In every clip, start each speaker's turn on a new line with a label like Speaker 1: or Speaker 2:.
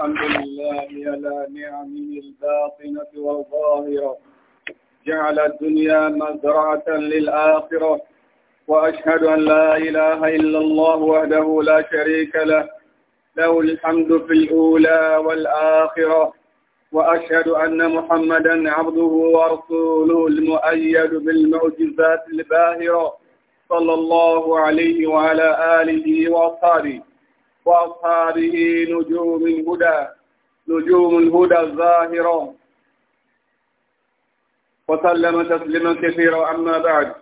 Speaker 1: الحمد لله على نعمه الباطنة والظاهرة جعل الدنيا مزرعة للآخرة وأشهد أن لا إله إلا الله وحده لا شريك له له الحمد في الأولى والآخرة وأشهد أن محمدا عبده ورسوله المؤيد بالمعجزات الباهرة صلى الله عليه وعلى آله وأصحابه وأصحابه نجوم الهدى نجوم الهدى الظاهرة وسلم تسليما كثيرا أما بعد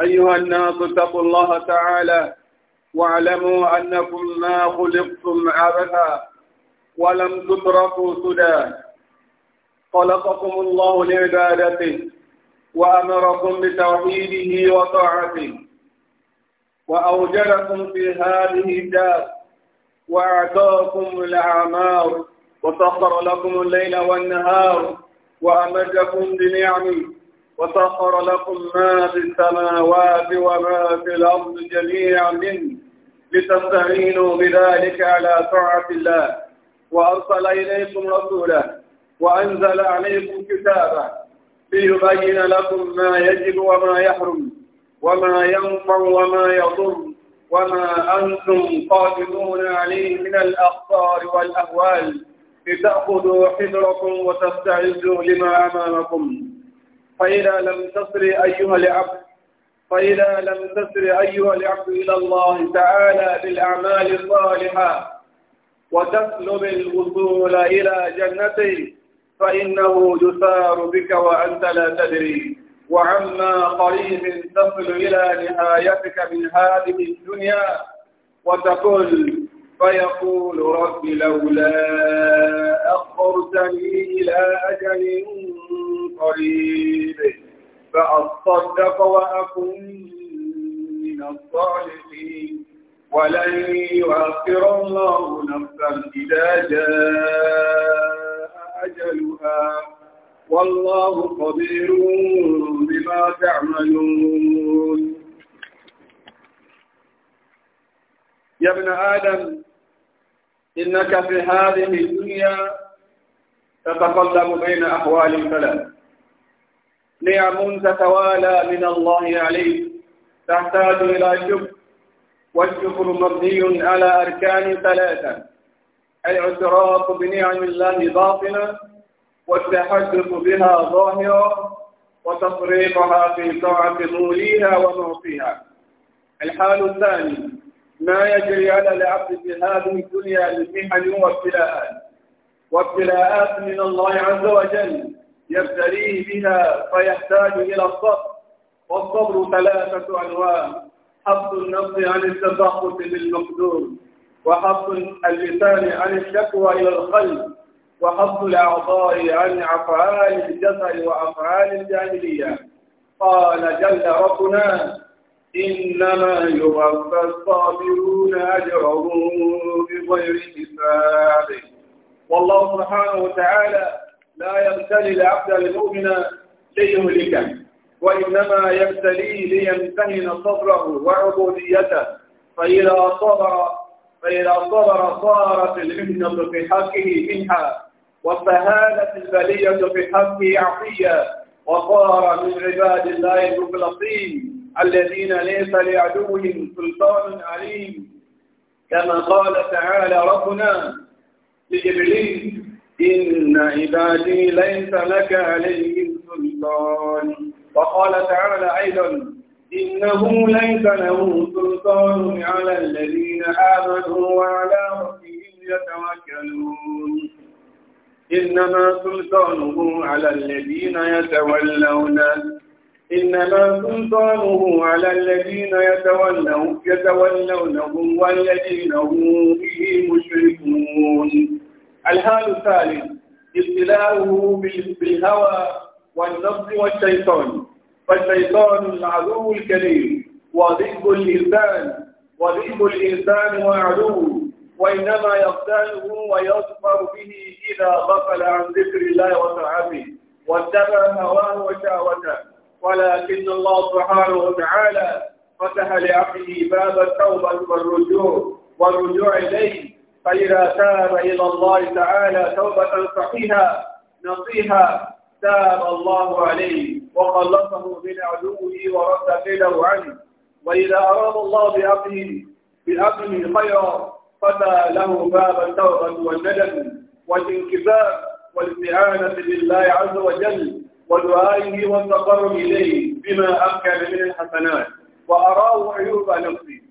Speaker 1: أيها الناس اتقوا الله تعالى واعلموا أنكم ما خلقتم عبثا ولم تتركوا سدى خلقكم الله لعبادته وأمركم بتوحيده وطاعته وأوجدكم في هذه الدار وأعطاكم الأعمار وسخر لكم الليل والنهار وأمدكم بنعم وسخر لكم ما في السماوات وما في الأرض جميعا منه لتستعينوا بذلك على طاعة الله وأرسل إليكم رسوله وأنزل عليكم كتابه ليبين لكم ما يجب وما يحرم وما ينفع وما يضر وما أنتم قادرون عليه من الأخطار والأهوال لتأخذوا حذركم وتستعدوا لما أمامكم فإذا لم تصر أيها العبد فإذا لم تسر أيها العبد إلى الله تعالى بالأعمال الصالحة وتطلب الوصول إلى جنته فإنه يسار بك وأنت لا تدري وعما قريب تصل إلى نهايتك من هذه الدنيا وتقول فيقول رب لولا أخرتني إلى أجل قريب فأصدق وأكن من الصالحين ولن يؤخر الله نفسا إذا جاء أجلها والله خبير بما تعملون يا ابن آدم إنك في هذه الدنيا تتقلب بين أحوال ثلاث نعم تتوالى من الله عليك تحتاج إلى شكر والشكر مبني على أركان ثلاثة الاعتراف بنعم الله باطنا والتحدث بها ظاهرا وتفريقها في طاعة موليها ومعطيها الحال الثاني ما يجري على العبد في هذه الدنيا من محن وابتلاءات وابتلاءات من الله عز وجل يبتليه بها فيحتاج إلى الصبر والصبر ثلاثة أنواع حفظ النفس عن التفاقس بالمقدور وحفظ اللسان عن الشكوى إلى القلب وحفظ الأعضاء عن أفعال الجسد وأفعال الجاهلية قال جل ربنا إنما يوفى الصابرون أجرهم بغير حساب والله سبحانه وتعالى لا يبتلي العبد المؤمن ليهلكه وإنما يبتليه ليمتهن صبره وعبوديته فإذا صبر فإذا صبر صارت المحنة في حقه منها وفهانت البلية في حقه عطية وصار من عباد الله المخلصين الذين ليس لعدوهم سلطان عليم كما قال تعالى ربنا لجبريل إن عبادي ليس لك عليهم سلطان وقال تعالى أيضا إنه ليس له سلطان على الذين آمنوا وعلى ربهم يتوكلون إنما سلطانه على الذين يتولونه إنما سلطانه على الذين يتولون يتولونه والذين هم به مشركون الحال الثالث ابتلاؤه بالهوى والنفس والشيطان فالشيطان العدو الكريم وضد الإنسان وضد الإنسان وعدوه وإنما يغتاله ويظفر به إذا غفل عن ذكر الله وتعافيه واتبع هواه وشهوته ولكن الله سبحانه وتعالى فتح لعبده باب التوبة والرجوع والرجوع إليه فإذا تاب إلى الله تعالى توبة صحيحة نصيحة تاب الله عليه وخلصه من عدوه ورد كيده عنه وإذا أراد الله بعبده بعبده خيرا فتى له باب التوبة والندم والانكسار والاستعانة بالله عز وجل ودعائه والتقرب إليه بما أمكن من الحسنات وأراه عيوب نفسي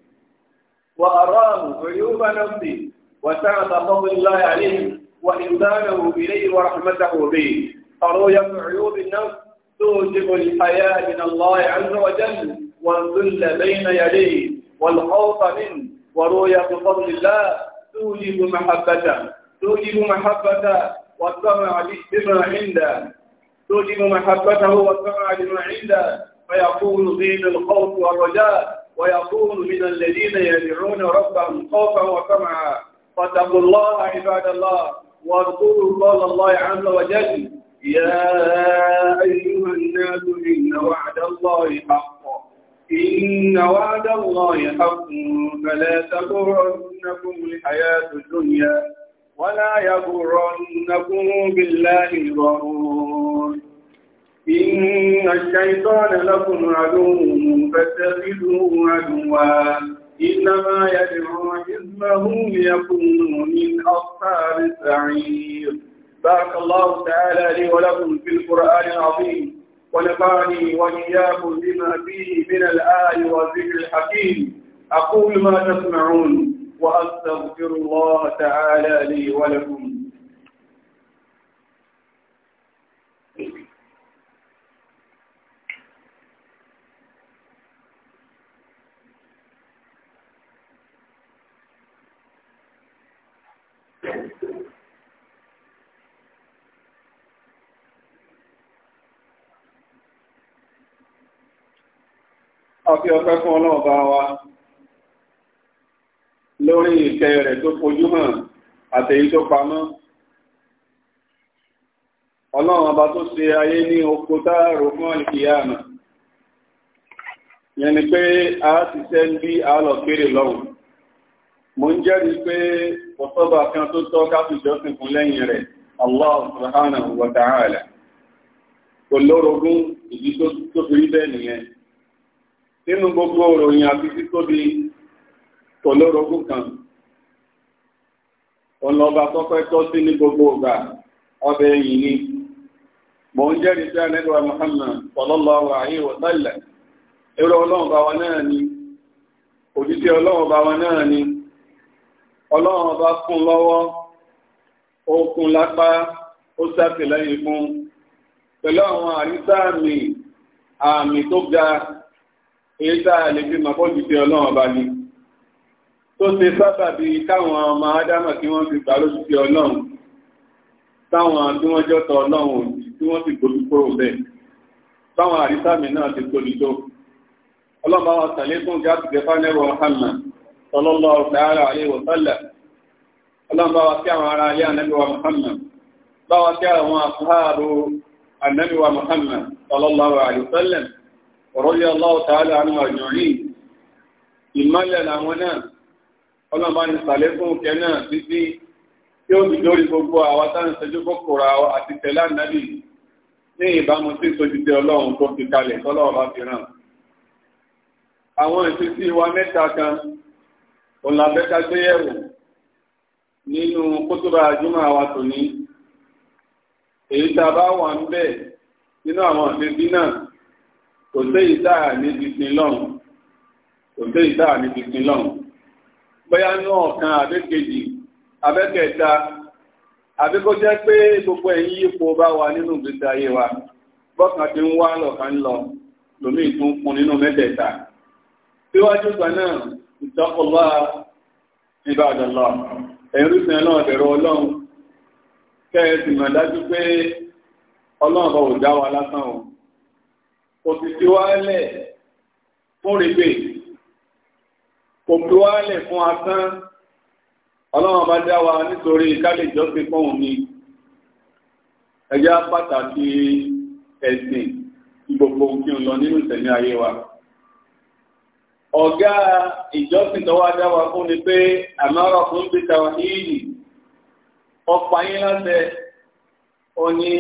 Speaker 1: وأراه عيوب نفسي وسعة فضل الله عليه وإنسانه إليه ورحمته به فرؤية عيوب النفس توجب الحياة من الله عز وجل والذل بين يديه والخوف منه ورؤيا بفضل الله توجب محبته توجب محبته والطمع بما عنده توجب محبته والطمع بما عنده فيكون بين الخوف والرجاء ويكون من الذين يدعون ربهم خوفا وطمعا فاتقوا الله عباد الله واذكروا قول الله عز وجل يا أيها الناس إن وعد الله حق إن وعد الله حق فلا تغرنكم الحياة الدنيا ولا يغرنكم بالله الغرور إن الشيطان لكم عدو فاتخذوه عدوا إنما يدعو حزبه ليكونوا من أصحاب السعير بارك الله تعالى لي ولكم في القرآن العظيم ونفعني وإياكم بما فيه من الآي والذكر الحكيم أقول ما تسمعون وأستغفر الله تعالى لي ولكم àfi ọpẹ́ fún ọlọ́ọ̀bá wa lórí ìkẹ́ rẹ̀ tó fojúmọ̀ àtẹ̀yí tó pamọ́ ọlọ́run tó ṣe ayé ní oko táàrò fún àlìkìyàmà yẹn ni pé a ti ṣẹ́ ń bí àálọ̀ kéré lọ́wọ́ mo ń jẹ́rìí pé ọ̀sọ́bà kan tó tọ́ fún lẹ́yìn rẹ̀ Allah subhanahu wa ta'ala kò lórogún nínú gbogbo òròyìn àti títóbi kò lórogún kan ọ̀nà ọba tọ́pẹ́ tọ́ sí ní gbogbo ọgbà ọbẹ̀ ẹ̀yìn ni mọ̀ ń jẹ́rìí sí anẹ́gbà Muhammad bá wa náà ni òjíṣẹ́ ọlọ́run bá wa náà ni ọlọ́run bá fún lọ́wọ́ lápá àwọn àrísàmì àmì tó èyí tá a lè fi màkọ́jú sí ọlọ́run ọba ni tó ṣe sábà bí káwọn ọmọ ádámà kí wọ́n fi gbà lójú sí ọlọ́run táwọn tí wọ́n jọ́tọ̀ ọlọ́run tí wọ́n sì gbójú kúrò bẹ́ẹ̀ táwọn àrísàmì náà ti tóbi tó ọlọ́run bá wọn sàlékún gáàsì gẹfà nẹ́rọ tọlọ́lọ́ ọ̀tàrà àlẹ́ ìwọ̀sálà ọlọ́run wa sí àwọn ará alẹ́ ànẹ́bíwa Muhammad bá wa sí àwọn àfúhàrò ànẹ́bíwa Muhammad tọlọ́lọ́ àlẹ́ ọ̀rọ̀lẹ́ aláwọ̀tàálà àánú àjọ̀rí ìmọ́lẹ̀ làwọn náà ọlọ́mà ní sàlékún kẹ náà títí tí ó dìdórí gbogbo àwọn sáńsẹjú kòkòrò àti tẹ̀lá nàbì ní ìbámu sí sojútẹ ọlọ́run tó fi kalẹ̀ tọ́lọ́wọ́ bá fi ràn àwọn ìfisí wa mẹ́ta kan òlàbẹ́ka gbéyẹ̀wò nínú kótóbá àjúmọ̀ náà kò séyìí tá a ní ti sin lọ́hùn kò séyìí tá a ní ti sin lọ́hùn bóyá ní ọ̀kan àbẹ́kejì abẹ́kẹta àbí kó jẹ́ pé gbogbo ẹ̀yìn ipò bá wà nínú ìgbésí ayé wa bọ́kàn ti ń wá lọ̀kan ń lọ lómi ìtún fún nínú mẹ́tẹ̀ẹ̀ta síwájú ìgbà náà ìtọ́kọ̀lá ìbàdàn lọ ẹ̀rúsìn náà bẹ̀rù ọlọ́run kẹ́ ẹ sì mọ̀ dájú pé ọlọ́run bá ò dá wa lásán o òtítí wálẹ̀ fún rèébè òpè wálẹ̀ fún asán ọlọ́run bá dá wa nítorí kálí ìjọsìn fóun ni ẹjá pàtàkì ẹ̀sìn gbogbo kí n lọ nínú ìtẹ̀mí ayé wa ọ̀gá ìjọsìn tó wá dá wa fún ni pé àmọ́ra fún bí ta ìyí ọ̀pá yín láti ọ ní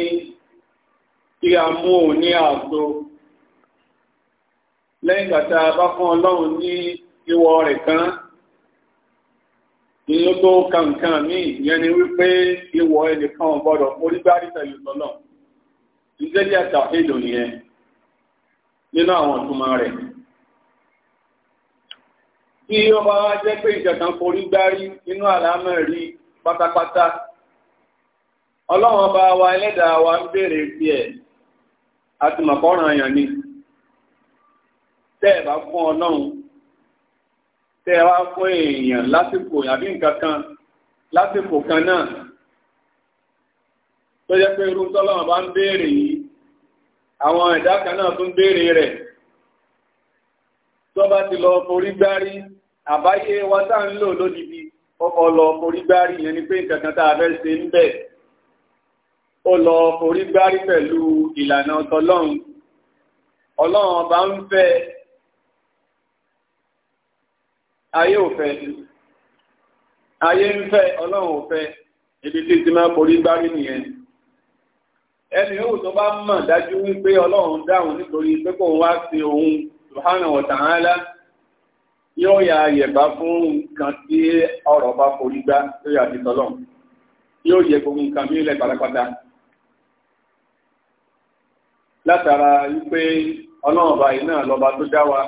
Speaker 1: kí a mú òní àtò lẹ́yìn ìgbà tá a bá fún ọlọ́run ní ìwọ rẹ̀ kan ní ó tó ka nǹkan míì yẹn ni wípé ìwọ ẹnìkan ò gbọdọ̀ forí gbárí pẹ̀lú tọ́lọ̀ ìjẹ́lẹ̀ àtàkédò nìyẹn nínú àwọn ìtumọ̀ rẹ̀ tí ó bá wá jẹ́ pé ìjọ̀kan forí gbárí nínú àlámẹ̀rí pátápátá ọlọ́run ọba wa ẹlẹ́dàá wa ń béèrè tiẹ̀ àti mọ̀kọ́ràn àyàn ni tẹ́ ẹ̀ bá fún ọlọ́run tẹ́ ẹ wá fún èèyàn lásìkò àbí nǹkan kan lásìkò kan náà tó jẹ́ pé irú tọ́lọ́run bá ń béèrè yìí àwọn ẹ̀dá kan náà tún béèrè rẹ̀ tó bá ti lọ forí gbárí àbáyé wa tá ń lò lódìdí ọkọ̀ lọ forí gbárí yẹn ni pé nǹkan kan tá a fẹ́ ṣe ń bẹ̀ ó lọ forí gbárí pẹ̀lú ìlànà tọ́lọ́run ọlọ́run ọba ń fẹ́ ayé ò fẹ́ ayé ń fẹ́ ọlọ́run ò fẹ́ ibi tí ti máa borí gbárí nìyẹn ẹni yóò tó bá mọ̀ dájú wípé ọlọ́run dáhùn nítorí pé kò wá sí òun subhanahu wa ta'ala yóò yà yẹ̀bá fún nǹkan tí ọ̀rọ̀ bá forí gbá yóò yà yóò yẹ gbogbo nǹkan mí lẹ̀ pátápátá látara wípé ọlọ́run báyìí náà lọ́ba tó dá wa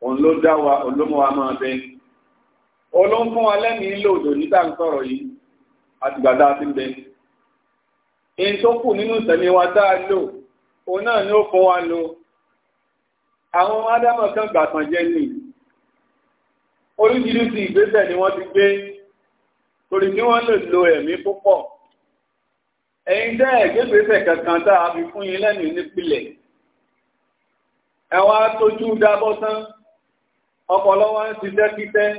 Speaker 1: òun ló dá wa olómọ wa máa bẹ olóhùn fún wa lẹ́mìí lòdò nígbà ń sọ̀rọ̀ yìí àtìgbà tá a ti ń bẹ èyí tó kù nínú ìsẹ̀mí wa tá lò òun náà ni ó fún wa lò àwọn ádámọ̀ kan gbàtàn jẹ́ ní oríṣiríṣi ìgbésẹ̀ ni wọ́n ti gbé torí ní wọ́n lè lo ẹ̀mí púpọ̀ ẹ̀yin jẹ́ ẹ̀gbẹ́gbẹ́sẹ̀ kankan tá a fi fún yín lẹ́nu nípìnlẹ̀ ẹ̀wọ̀n atójú dábọ́ tán ọpọlọ wa ń ṣiṣẹ́ kíṣẹ́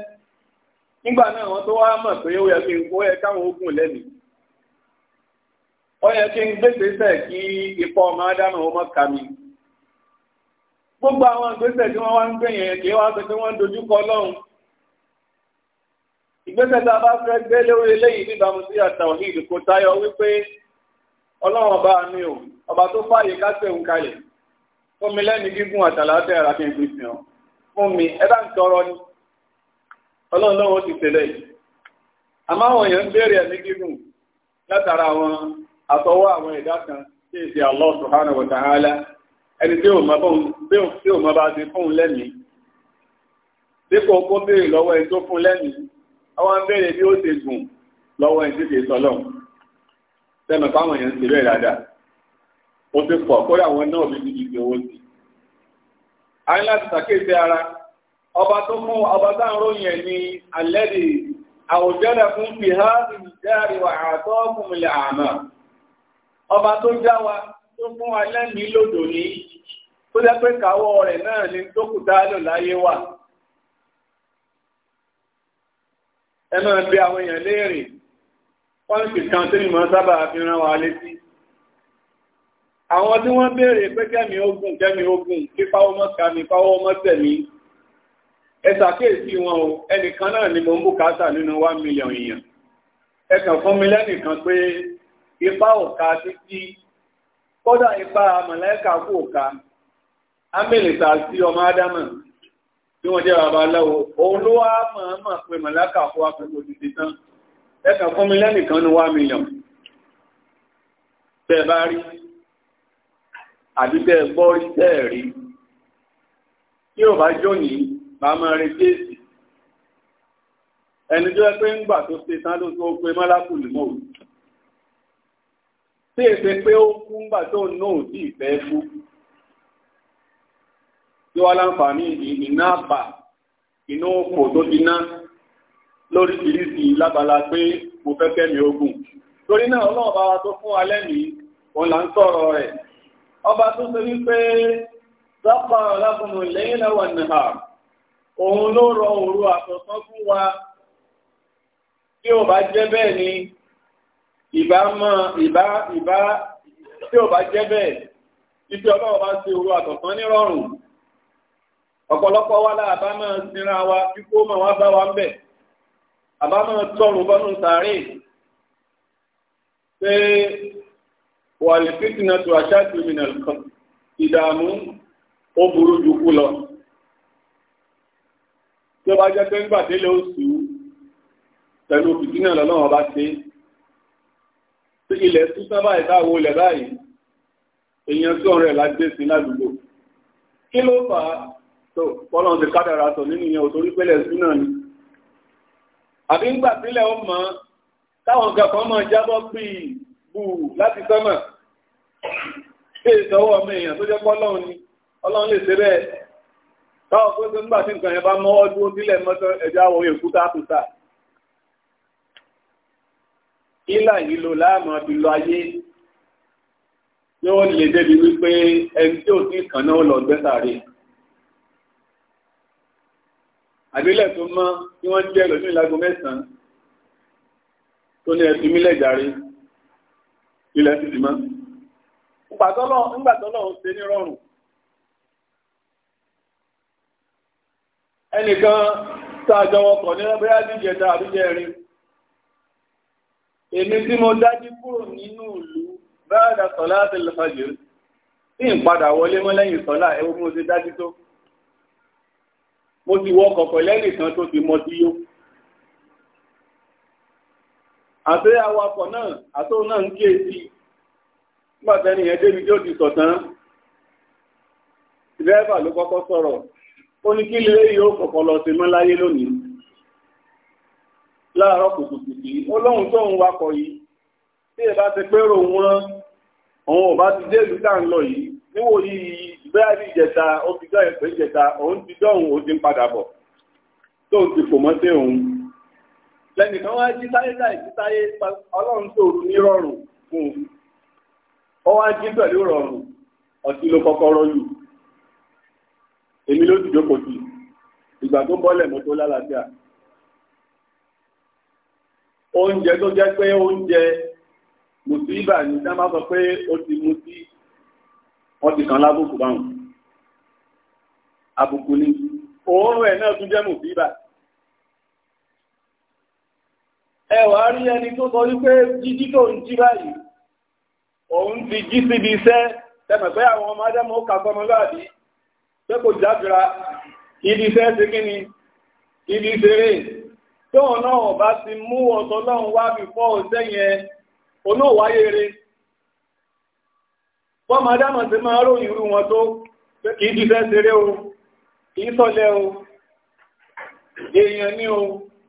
Speaker 1: nígbà náà wọ́n tó wá mọ̀ pé ó yẹ kí n kó yẹ káwọn ogun lẹ́nu ó yẹ kí n gbégbèsè kí ipò ọmọ ádámù ọmọ kà mí gbogbo àwọn ìgbésẹ̀ tí wọ́n wá ń gbé yẹn kí wọ́n sọ pé wọ́n ń dojúkọ ọlọ́run ìgbésẹ̀ tá a bá fẹ́ gbé lórí eléyìí níbàámu sí àtàwọ̀hìn kò tayọ wípé ọlọ́run ọba mi ò ọba tó fààyè kásẹ̀ òun kalẹ̀ fún mi lẹ́nu gígùn àtàlà àti àràkìn ìgbésìn ọ̀ fún mi ẹ bá ń tọrọ ni ọlọ́run lọ́wọ́ ti tẹ̀lé yìí àmọ́ àwọn èèyàn ń béèrè ẹ̀mí gígùn látara àwọn àtọwọ́ àwọn ẹ̀dá kan tí èsì Allah subhanahu wa ta'ala ẹni tí ò mọ bá ti fún un lẹ́mìí dípò kó béèrè lọ́wọ́ ẹni tó fún lẹ́mìí àwọn ń béèrè bí ó ti gùn lọ́wọ́ ẹni tí kì í sọlọ́ sẹ́mi fáwọn èèyàn ti bẹ́ẹ̀ dáadáa ó ti pọ̀ kódà àwọn náà a ní láti ṣàkíyèsí ara ọba tó mú ọba tá à ń ròyìn ẹ̀ ní alẹ́dì àwùjọ́dà fún fìhárì ìjáàrí wà àtọ́ fúnmilẹ̀ àmà ọba tó já wa tó fún alẹ́mìí lòdò ní tó jẹ́ pé káwọ́ rẹ̀ náà ni tó kù dáálò láyé wà ẹ máa bí àwọn èèyàn léèrè wọ́n sì kan tí mo sábà fi rán wa létí àwọn tí wọ́n béèrè pé kẹ́mi ogun kẹ́mi ogun kí páwọ́ mọ́ kàmí páwọ́ mọ́ tẹ̀mí ẹ ṣàkíyèsí wọn o ẹnìkan náà ni mo ń bùkátà nínú one million èèyàn ẹ kàn fún mi lẹ́nìkan pé ipá òka títí kódà ipá mọ̀lẹ́kà kú òka amílìta sí ọmọ ádámà tí wọ́n jẹ́ bàbá aláwo òun ló wá mọ̀ọ́mọ̀ pé mọ̀lẹ́kà kú àpẹẹkọ títí tán ẹ kàn fún mi lẹ́nìkan ní one million tẹ̀ bá rí àbí bẹ́ẹ̀ gbọ́ rí bẹ́ẹ̀ rí tí ò bá jóni bá máa retí èsì ẹni tó yẹ pé ńgbà tó ṣe tán ló tó pe mọ́lákùlù mọ́ òun tí èsè pé ó kú ńgbà tó ń náà sí ìfẹ́ kú tí wọ́n láǹfààní ìná àpà inú òpò tó ti ná lóríṣiríṣi lábala pé mo fẹ́ kẹ́mi ogun torí náà ọlọ́ọ̀bá tó fún alẹ́ mi òun là ń sọ̀rọ̀ rẹ̀ ọba tó ṣe wípé sọ́kọ̀rọ̀ lákùnrin lẹ́yìn náà wà nìhà òun ló rọ òru àtọ̀sán fún wa tí ò bá jẹ́ bẹ́ẹ̀ ni ìbá mọ́ ìbá ìbá tí ò bá jẹ́ bẹ́ẹ̀ ibi ọlọ́wọ́ bá ṣe òru àtọ̀sán nírọ̀rùn ọ̀pọ̀lọpọ̀ wa la máa sinra wa bí kó máa wá bá wa ń bẹ̀ àbá máa tọrùn bọ́nú sàárè pé wàlìfìtìnà tó aṣáájú mìíràn kan ìdààmú ó burú jù kú lọ tí ó bá jẹ́ pé ńgbà délé oṣù pẹ̀lú fìtìnà lọ́nà ọba ṣe tí ilẹ̀ túnṣán báyìí báwo ilẹ̀ báyìí èèyàn tí ọ̀rẹ́ lágbé sí ládùúgbò kí ló fà á tó bọ́lá ti kádàrà sọ nínú ìyẹn òtórí pẹ́lẹ̀ sí náà ni àbí ńgbà sílẹ̀ ó mọ̀ táwọn kankan máa jábọ́ píì gbù láti sánmà ṣe ìsọwọ́ ọmọ èèyàn tó jẹ́ pọ́ ọlọ́run ni ọlọ́run lè ṣe bẹ́ẹ̀ táwọn pé tó nígbà tí nǹkan yẹn bá mọ́wọ́ dúró sílẹ̀ mọ́tọ́ ẹ̀já wọ èkúta tó sà ìlà yìí lò láàmú àti lọ ayé yóò lè débi wípé ẹni tí ò sí ìkànnà ó lọ gbẹ́sàárè àbílẹ̀ tó mọ́ tí wọ́n jẹ́ lójú ìlago mẹ́sàn-án tó ní ẹ̀sùn mílẹ̀ jàre ilẹ̀ sì ti mọ́. ńgbàtọ́lọ́ ń ṣe ní rọrùn. ẹnìkan tá a jọ wọkọ̀ ní bóyá díjẹta àbíjẹrin èmi tí mo dájú kúrò nínú ìlú báyàdà sọlá àti lọfàjì tí ń padà wọlé mọ́ lẹ́yìn sọlá ẹwọ mo ṣe dájú tó mo ti wọkọ̀ pẹ̀lẹ́nìkan tó ti mọ sí yó àti awakọ̀ náà àtòun náà ń kíyèsí nígbà tẹ́ni yẹn débi tí ó ti sọ̀tán dírẹ́fà ló kọ́kọ́ sọ̀rọ̀ ó ní kí lè yóò kọ̀kọ́ lọ sí mọ́láyé lónìí láàárọ̀ kùtùkùtù ó lóhun tó ń wakọ̀ yìí tí ẹ bá ti pérò wọn òun ò bá ti dé ìlú tá ń lọ yìí níwò yìí bẹ́ẹ̀ ní ìjẹta ó fi dọ́ ẹ̀pẹ́ ìjẹta òun ti dọ́hùn ó ti ń padà bọ̀ tóun ti fò mọ́ sí òun lẹ́nìkan wá jí táyé láì jí táyé ọlọ́run tó ní rọrùn fún un ó wá jí pẹ̀lú rọrùn ọtí ló kọ́kọ́ rọ́yù èmi ló ti jókòó sí ìgbà tó bọ́lẹ̀ mọ́ tó lálàáfíà oúnjẹ tó jẹ́ pé oúnjẹ mùsíbà ní sábà sọ pé ó ti mú sí wọ́n ti kàn lábùkù báwọn àbùkù ni òórùn ẹ̀ náà tún jẹ́ mùsíbà. ẹ wàá rí ẹni tó sọ wípé jíjí tó ń jí báyìí òun ti jí síbi iṣẹ́ tẹmẹ̀ àwọn ọmọ adẹ́mọ̀ mọ́ kà sọmọ láàbí pé kò jágbéra ibi iṣẹ́ ti kí ni ibi ìṣeré tóun náà ti mú ọ̀tọ̀ náà wá bí fọ́ ọ̀sẹ̀ yẹn onóòwáyé rẹ̀ wọ́n máa dámọ̀ sí máa ròyìn irú wọn tó kìí jíṣẹ́ ṣeré o kìí sọ́lẹ̀ o èèyàn ní o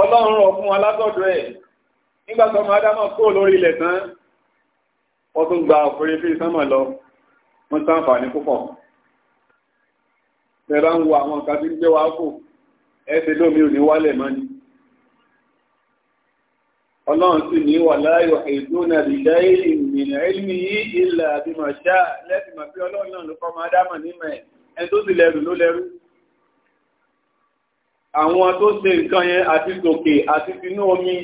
Speaker 1: ọlọ́run rọ̀ fún alátọ́dọ̀ ẹ̀ nígbà tó máa dámọ̀ kó lórí ilẹ̀ tán wọ́n tún gba òfurufú sánmà lọ wọ́n ṣàǹfààní púpọ̀ bẹ́ẹ̀ bá ń wo àwọn nǹkan tí ń gbé wa kù ẹ̀sẹ̀ lómi ò ní wálẹ̀ mọ́ ni ọlọ́run sì ní wà láyọ̀ ìdúnà ìdá ìrìnà ìlú yìí ilẹ̀ àbímọ̀ṣá lẹ́sìn mọ̀ pé ọlọ́run náà ló kọ́ àwọn tó ṣe nǹkan yẹn àti tòkè àti tinú omi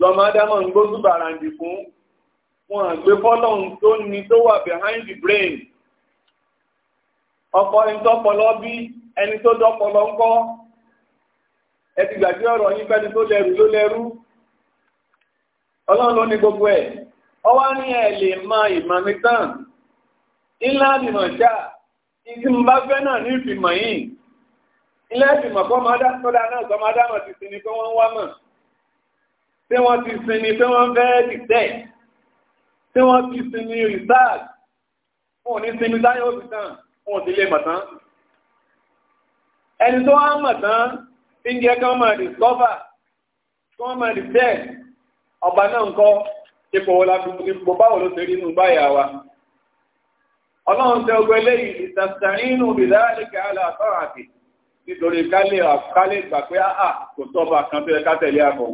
Speaker 1: lọ́mọ ádámọ̀ ń gbóṣù bàràǹdì fún wọn àgbé fọ́lọ́hun tó ní tó wà behind the brain ọkọ ẹni tọpọlọ bí ẹni tó dọpọlọ ń kọ́ ẹ ti gbàgbé ọ̀rọ̀ yín fẹ́ni tó lẹ́rù ló lẹ́rù ọlọ́run ló ní gbogbo ẹ̀ ọwá ní ẹ̀ lè mọ ìmọ̀ mi tán ńlá ìmọ̀ ṣáà bá fẹ́ náà ní ìfìmọ̀ yìí ilé ìfìmọ̀ kọ́ máa dá sọ́dá náà sọ máa dámọ̀ ti sinmi pé wọ́n ń wá mọ̀ tí wọ́n ti sinmi pé wọ́n fẹ́ dìtẹ̀ tí wọ́n ti sinmi research wọn ò ní sinmi táyọ̀ òbí tán wọn ò lè mọ̀ ẹni tó wá mọ̀ tí ń jẹ́ kí wọ́n máa discover kí wọ́n máa dìtẹ̀ ọba náà ń kọ́ ipò wọlá ipò báwo ló ṣe rí inú báyà wa ọlọ́run tẹ ogun eléyìí ìtàsàrínù bìdáàlì kàálà àtọ́ràtì nítorí kálẹ̀ àkálẹ̀ ìgbà pé àà kò tọ́ba kan tó yẹ ká tẹ̀lé àkọ́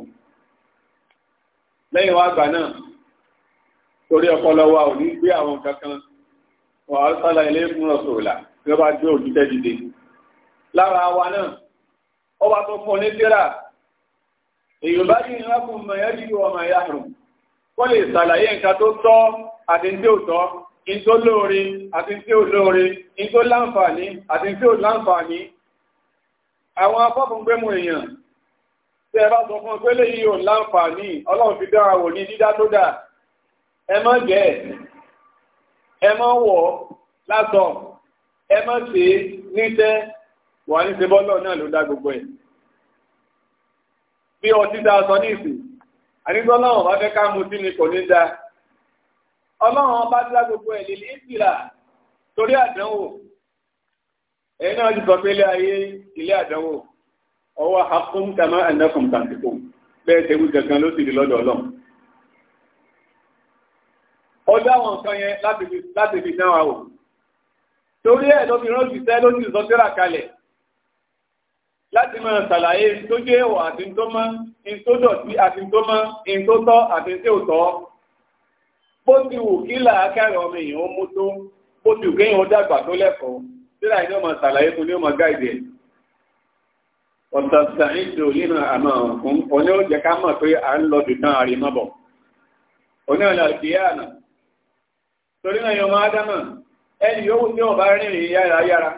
Speaker 1: lẹ́yìn wá àgbà náà torí ọpọlọ wa ò ní gbé àwọn kankan wà á sálà ilé fún ọ̀sọ̀ọ̀là tí ó bá gbé òjútẹ́ dìde lára wa náà ó bá tó fún oníṣẹ́ra èyí bá ní ìrákùn mẹ́yẹ́ yìí ọmọ ẹ̀yà rùn kó lè sàlàyé nǹkan tó tọ́ àti tí ó tọ́ in tó lóore àti tí ó lóore in tó láǹfààní àti tí ó láǹfààní àwọn afọ́fúngbẹ́mù èèyàn tẹ́ ẹ bá sọ fún pé léyìí ò láǹfààní ọlọ́run fi dára wò ní dídá tó dà ẹ má jẹ́ ẹ má wọ̀ látọ̀ ẹ má ṣe nítẹ́ wà ní sebọ́lọ̀ náà ló dá gbogbo ẹ̀ bí ọtí dá sọ ní ìsìn àdígbọ́ ọlọ́run bá fẹ́ ká mu sí ni kò ní dá ọlọ́run bá dá gbogbo ẹ̀ lè ní ìsìlà torí àdánwò ẹ̀yin náà ti sọ pé ilé ayé ilé àdánwò ọwọ́ hakún kama ẹ̀ndẹ́kùn tàbíkò bẹ́ẹ̀ tẹ́wú gẹ̀gán ló sì di lọ́dọ̀ ọlọ́run ọjọ́ àwọn nǹkan yẹn láti fi dán wa wò torí ẹ̀ ló fi rán òṣìṣẹ́ ló sì sọ síra kalẹ̀ láti máa ṣàlàyé tó jẹ́ ẹ̀wọ̀ àti tó mọ́ in tó dọ̀tí àti tó mọ́ in tó tọ́ àti tí ò tọ́ bó ti wù kí làákàrọ̀ ọmọ èèyàn ó mú tó bó ti wù kéèyàn ó dàgbà tó lẹ́kọ̀ọ́ síra ìní ọmọ ṣàlàyé fún ní ọmọ gáìdì ẹ̀ ọ̀sọ̀ọ̀sọ̀ nínú àmà ọ̀kún ó jẹ ká mọ̀ pé a ń lọ dùn náà rí mọ́bọ̀ oní ọ̀nà ìdíyà àná torí náà yọmọ ádámà ẹni yóò ní ọba rìnrìn yára yára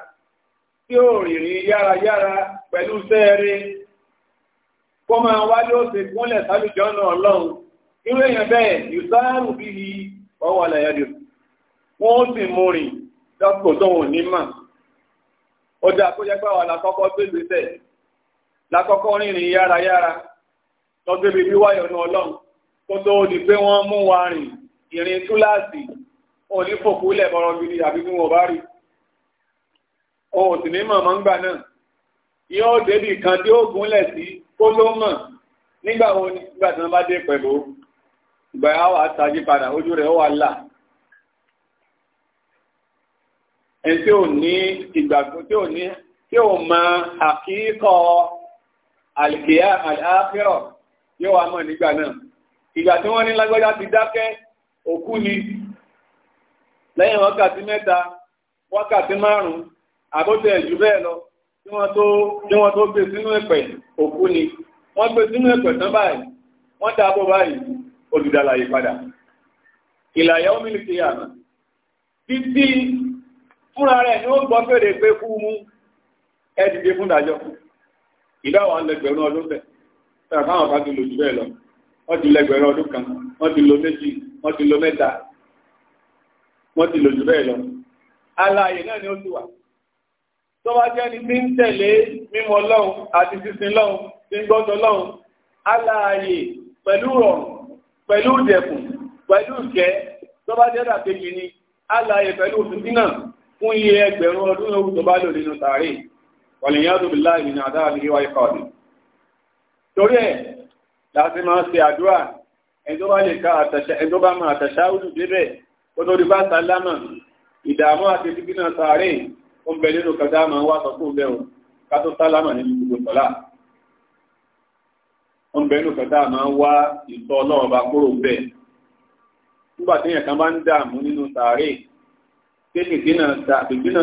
Speaker 1: tí ó rìnrìn yára yára pẹ̀lú sẹ́ẹ̀rẹ́ kó máa wáyé ó ti gúnlẹ̀ sálùjọ́ náà lọ́hùn irú èèyàn bẹ́ẹ̀ bíi ọwọ́ àlàyé wọ́n ó sì mú rìn tó ní ó dáa kó jẹ́ pé àwọn làkọ́kọ́ tó ìgbésẹ̀ làkọ́kọ́ rìnrìn yárayára lọ́gbẹ́ bíbí wáyọ̀ ní ọlọ́run kó tó di pé wọ́n mú wa rìn ìrìn túláàsì òní fòkú lẹ̀ bọ́rọ̀ gidi àbí bí wọ́n bá rí ohun sì ní mọ̀mọ́ ń gbà náà yóò débì kan tí ó gúnlẹ̀ sí kó ló mọ̀ nígbà wo nígbà tí wọ́n bá dé pẹ̀lú ìgbà yà wà á tají padà ojú rẹ̀ ó wà láà ẹni tí ò ní ìgbàgbọ́ tí ò ní tí ò mọ àkíkọ àlìkìyà àlìáfẹ́rọ̀ yóò wá mọ̀ nígbà náà ìgbà tí wọ́n ní lágbájá ti dákẹ́ òkú ni lẹ́yìn wákàtí mẹ́ta wákàtí márùn-ún àbótẹ́ ìjú bẹ́ẹ̀ lọ tí wọ́n tó tí wọ́n tó gbé sínú ẹ̀pẹ̀ òkú ni wọ́n gbé sínú ẹ̀pẹ̀ tán báyìí wọ́n dáàbò báyìí olùdàlàyé padà ìlàyà omi lè yàrá títí fúnra rẹ̀ ni ó gbọ́ fèrè pé kú mú ẹ dìde fún ìdájọ́ ìdá wa lẹ́gbẹ̀rún ọdún bẹ̀ tẹ̀lé káwọn bá ti lò jù bẹ́ẹ̀ lọ wọ́n ti lẹ́gbẹ̀rún ọdún kan wọ́n ti lò méjì wọ́n ti lò mẹ́ta wọ́n ti lò jù bẹ́ẹ̀ lọ alààyè náà ni ó ti wà tó bá jẹ́ ni tí ń tẹ̀lé mímọ̀ lọ́hùn àti sísin lọ́hùn tí ń gbọ́tọ̀ lọ́hùn alààyè pẹ̀lú rọrùn pẹ̀lú ìdẹ̀kùn pẹ̀lú ìkẹ́ tó bá jẹ́ dàkejì ni alààyè pẹ̀lú òfin fún iye ẹgbẹ̀rún ọdún yòówù tó bá lò nínú tààrí wàlèyàn tó bìlá ìrìnà àdáàbí wá ikọ̀ ọ̀dùn torí ẹ̀ láti máa ṣe àdúrà ẹjọ́ bá lè ká ẹjọ́ bá máa tàṣáwùdù débẹ̀ ó tó rí bẹ́ẹ̀ ká kan bá ń dààmú nínú tààrí pé ìdínà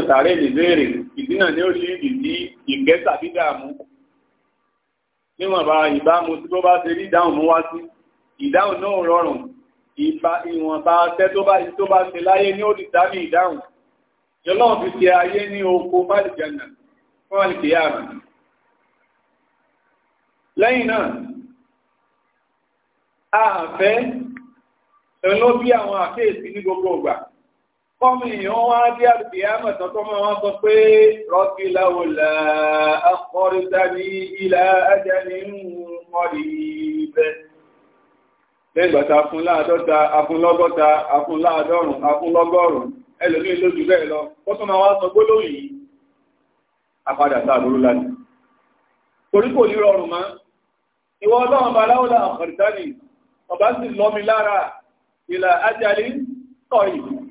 Speaker 1: tààrẹ ìbéèrè ìdínà ní ó ṣe ìdí ìgẹ́ tàbí dààmú níwọ̀n bá ìbámu tí ó bá ṣe rí ìdáhùn mú wá sí ìdáhùn náà rọrùn ìwọ̀nba tẹ́ tó bá ṣe tó bá ṣe láyé ní ó ti dámì ìdáhùn yọlọ́run fi ṣe ayé ní oko fàlìjẹ̀nà fún àlìkèyàmù lẹ́yìn náà ààfẹ́ ẹ̀lọ́bí àwọn àkéèsí ní gbogbo ìgbà kọ́mù èèyàn wá dé àdùbí àmọ̀tán tó máa wá sọ pé rọ́bì láwòlá akọ́rìta ní ilà ajẹ́ni ń mọ́rí bẹ́. lẹ́gbàtà afúnláàdọ́ta afúnlọ́gọ́ta afúnláàdọ́rùn afúnlọ́gọ́rùn ẹlòmíì lójú bẹ́ẹ̀ lọ ó tún máa wá sọ gbólóhùn yìí apadà sáà lóró láti. torí kò ní rọrùn mọ́ ìwọ ọlọ́run bá láwòlá akọ́rìta ní ọba sì lọ́mi lára ilà ajẹ́ni ń kọ́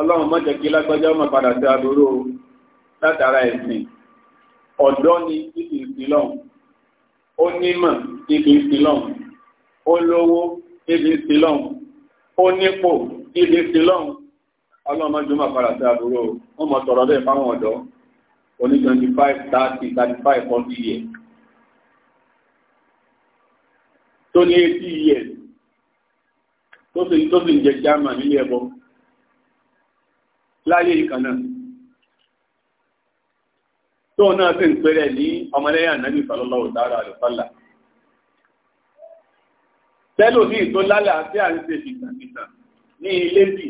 Speaker 1: ọlọ́run má jẹ́ kí lágbájá ọmọ padà sí aburú látara ẹ̀sìn ọ̀dọ́ ni títí ìsìlọ́n ó nímọ̀ títí ìsìlọ́n ó lówó títí ìsìlọ́n ó nípò títí ìsìlọ́n ọlọ́run má jẹ́ ọmọ padà sí aburú wọ́n mọ̀ sọ̀rọ̀ bẹ́ẹ̀ fáwọn ọ̀dọ́ oní twenty five thirty thirty five forty years tó ní eighty years tó sì ń jẹ jáàmà nílé ẹ̀bọ láyé ìkànnà tó náà sì ń pẹ́rẹ̀ ní ọmọlẹ́yà nàbí sallallahu ta'ala alaihi wasallam tẹ́lò ní ìtò lálẹ́ àti à ń ṣe ìtàkìtà ní ilé bì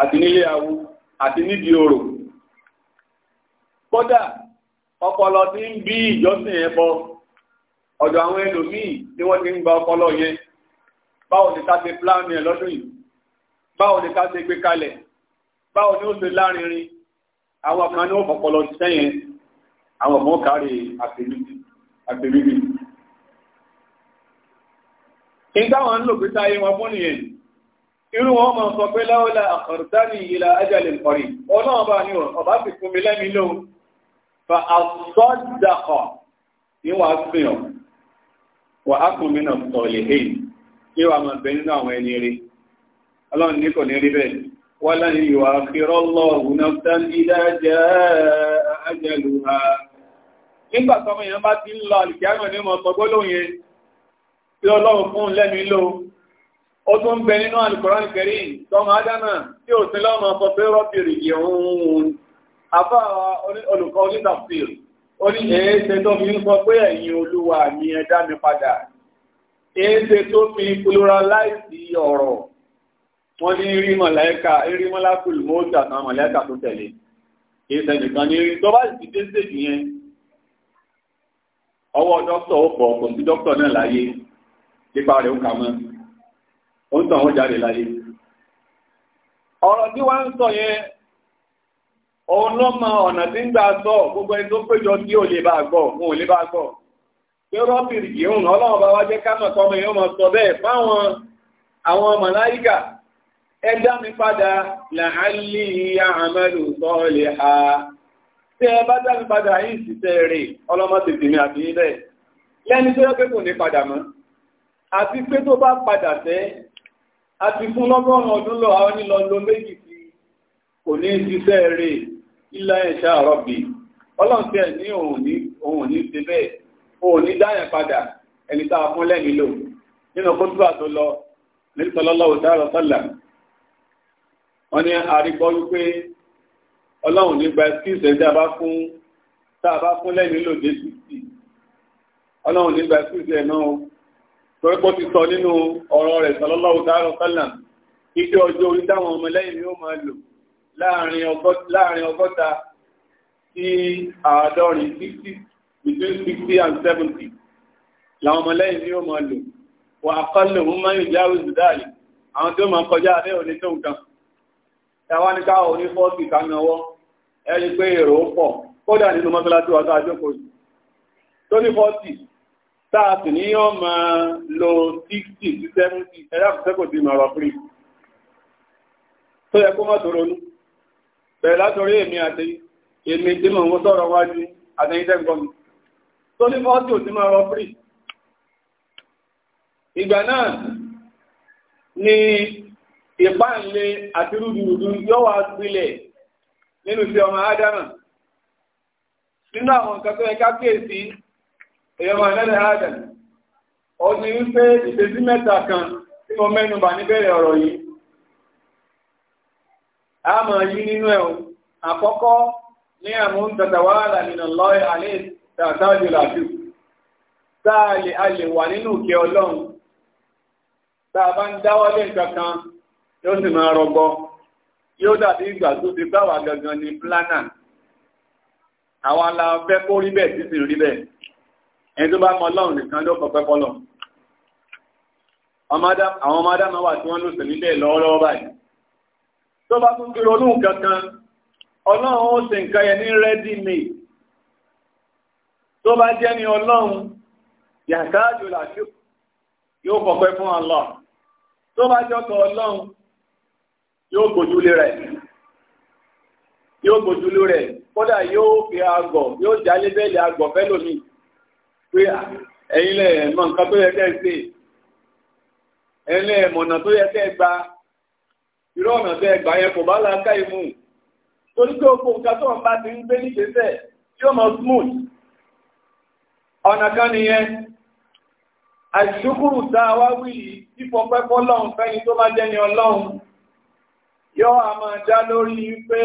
Speaker 1: àti nílé awo àti nídìí orò kódà ọpọlọ tí ń bí ìjọsìn ẹbọ ọ̀dọ̀ àwọn ẹlòmíì tí wọ́n ti ń gba ọpọlọ yẹn báwo ni pláàmì ẹ̀ lọ́dún yìí báwo ni gbé kalẹ̀ báwo ni ó ṣe lárinrin àwọn kan ní ó fọpọlọ sẹ́yìn àwọn ọmọ kárí àtẹ̀lẹ́bì kí táwọn ń lò pé táyé wọn fún nìyẹn irú wọn máa sọ pé láwọlá àkọ̀rọ̀dání ìlà ajalè nkọ̀rí ọlọ́wọ́n bá ní ọba sì fún mi lẹ́mi lóhun ولن يؤخر الله نفسا إذا جاء أجلها nígbà tọmọ èèyàn bá ti ń lọ alìkíyàmọ̀ ní ọmọ ọ̀tọ̀gbọ́ lóyìn tí ọlọ́run fún lẹ́mi ló ó tún bẹ nínú alìkọ̀rán kẹrí tọmọ adánà tí ò sí lọ́mọ ọ̀tọ̀ pé rọ́pìrì yẹ̀hún afá olùkọ́ onítàfíìr ó ní èéṣe tó fi ń sọ pé ẹ̀yin olúwa mi ẹ dá mi padà èéṣe tó fi pluralize ọ̀rọ̀ wọ́n ní rí mọ̀láíkà rí mọ́lákùl mọ́ọ̀tì àtàwọn mọ̀láíkà tó tẹ̀lé ìṣẹ́ nìkan ní rí tó bá sì dé stage yẹn ọwọ́ dókítà ó pọ̀ kò sí dókítà náà láyé nípa rẹ̀ ó kà mọ́ ó ń tàn ó jáde láyé ọ̀rọ̀ tí wọ́n ń sọ yẹn òun ló mọ ọ̀nà tí ń gbà sọ gbogbo ẹni tó péjọ tí ò lè bá gbọ́ òun ò lè bá gbọ́ pé rọ́bìrì yìí ń ọlọ́run bá wá jẹ́ ká tọmọ yẹn ó mọ sọ bẹ́ẹ̀ fáwọn àwọn mọ̀láíkà ẹ̀dá mi padà làálì àmàlù sọ́ọ̀lì ha tí ẹ bá dá mi padà yìí ṣiṣẹ́ rè ọlọ́mọ tètè mi àti yín bẹ́ẹ̀ lẹ́ni tó yẹ pé kò ní padà mọ́ àti pé tó bá padà tẹ́ àti fún lọ́gọ́rùn-ún ọdún lọ àwọn nílọ lo méjì sí kò ní ṣiṣẹ́ rè ilá ẹ̀ṣà rọ̀bì ọlọ́run tí ẹ̀ ní òun wọ́n ní àrígbọ́ wípé ọlọ́run nígbà skills ẹ̀ a bá fún tá a bá fún lẹ́yìn lò dé sixty ọlọ́run nígbà skills ẹ̀ náà torí pé ó ti sọ nínú ọ̀rọ̀ rẹ̀ sallallahu ta'ala sallam ike ọjọ́ orí táwọn ọmọ lẹ́yìn ni ó máa lò between sixty and seventy làwọn ọmọ lẹ́yìn ni ó máa lò wà á kọ́ lòun máa ń kọjá abẹ́ òní tó nǹkan tàwa ní káwọ̀ ní fọ́ọ̀sì kánáwọ́ ẹni pé èrò ń pọ̀ kódà nínú mọ́sálásí wa sáà jókòó yìí tó ní fọ́ọ̀sì táà ní yọ́ máa lo sixty sí seventy ẹ̀yà kùsẹ́kò ti mọ̀rọ̀ free tó yẹ kó mọ́tò ronú bẹ̀rẹ̀ látọrí èmi àti èmi tí mọ̀ ń sọ̀rọ̀ wájú àtẹ̀yìntẹ́gbọ́n tó ní ni ìpáǹlé àti rúdurùdu yóò wá gbilẹ̀ nínú sí ọmọ ádámà nínú àwọn nǹkan tó yẹ ká kíyèsí èèyàn máa lẹ́nu ádámà ó ní wípé ìṣesí mẹ́ta kan tí mo mẹ́nu bà níbẹ̀rẹ̀ ọ̀rọ̀ yìí a máa yí nínú ẹ̀ o àkọ́kọ́ ní àwọn tàtàwárà nínú lọ́ọ̀ lè wà nínú ìkẹ́ ọlọ́run tá ń dáwọ́lé nǹkan kan yóò sì máa rọgbọ yóò dàbí ìgbà tó ti bá wa gangan ní plánà àwa la fẹ́ kó rí bẹ́ẹ̀ títí rí bẹ́ẹ̀ ẹni tó bá mọ ọlọ́run nìkan ló kọ̀ọ̀pẹ́ kọ́lọ̀ àwọn ọmọ adáma wà tí wọ́n lò sí nílẹ̀ lọ́wọ́lọ́wọ́ báyìí tó bá tún fi ronú kankan ọlọ́run ó sì nǹkan yẹn ní rẹ́dí made tó bá jẹ́ ní ọlọ́run yàtá àjò làṣù yóò kọ̀ọ̀pẹ́ fún Allah tó bá jọ́tọ̀ ọlọ́run yóò gbójúlé rẹ, yóò rẹ̀ kódà yóò fi àgọ̀ yóò jálé bẹ́ẹ̀lì àgọ̀ fẹ́lòmí pé ẹ̀yin tó yẹ ẹ ṣe mọ̀nà tó yẹ kẹ́ ẹ gba irú ọ̀nà la ká torí pé oko nǹkan tó ń bá ti ń gbé yóò mọ smooth ọ̀nà kan nìyẹn tá a wá wí yìí fẹ́ni tó jẹ́ yóò wá máa dá lórí pé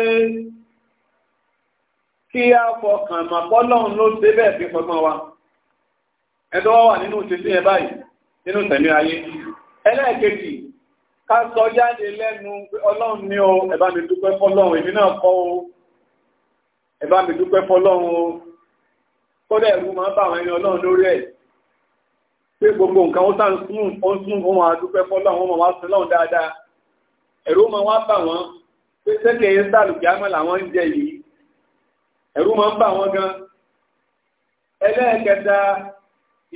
Speaker 1: kí a fọkàn mà bọ́lọ́run ló ṣe bẹ́ẹ̀ fi fọgbọ́n wa ẹ̀tọ́ wá wà nínú ìṣesí ẹ báyìí nínú tẹ̀mí ayé ẹlẹ́ẹ̀kejì ká sọ jáde lẹ́nu ọlọ́run ní o ẹ bá mi dúpẹ́ fọlọ́run èmi náà kọ́ o ẹ bá mi dúpẹ́ fọlọ́run o kódà ẹ̀rù máa bá àwọn pé gbogbo nǹkan ó sàn sún ó ń sún ó máa dúpẹ́ fọlọ́run ó máa wá sí ọlọ́run dáadáa ẹ̀rú ma wá bà wọ́n pé sẹ́kẹ̀ yẹn sàlùkì àmọ́ làwọn jẹ ma ń bà wọ́n gan ẹlẹ́ẹ̀kẹta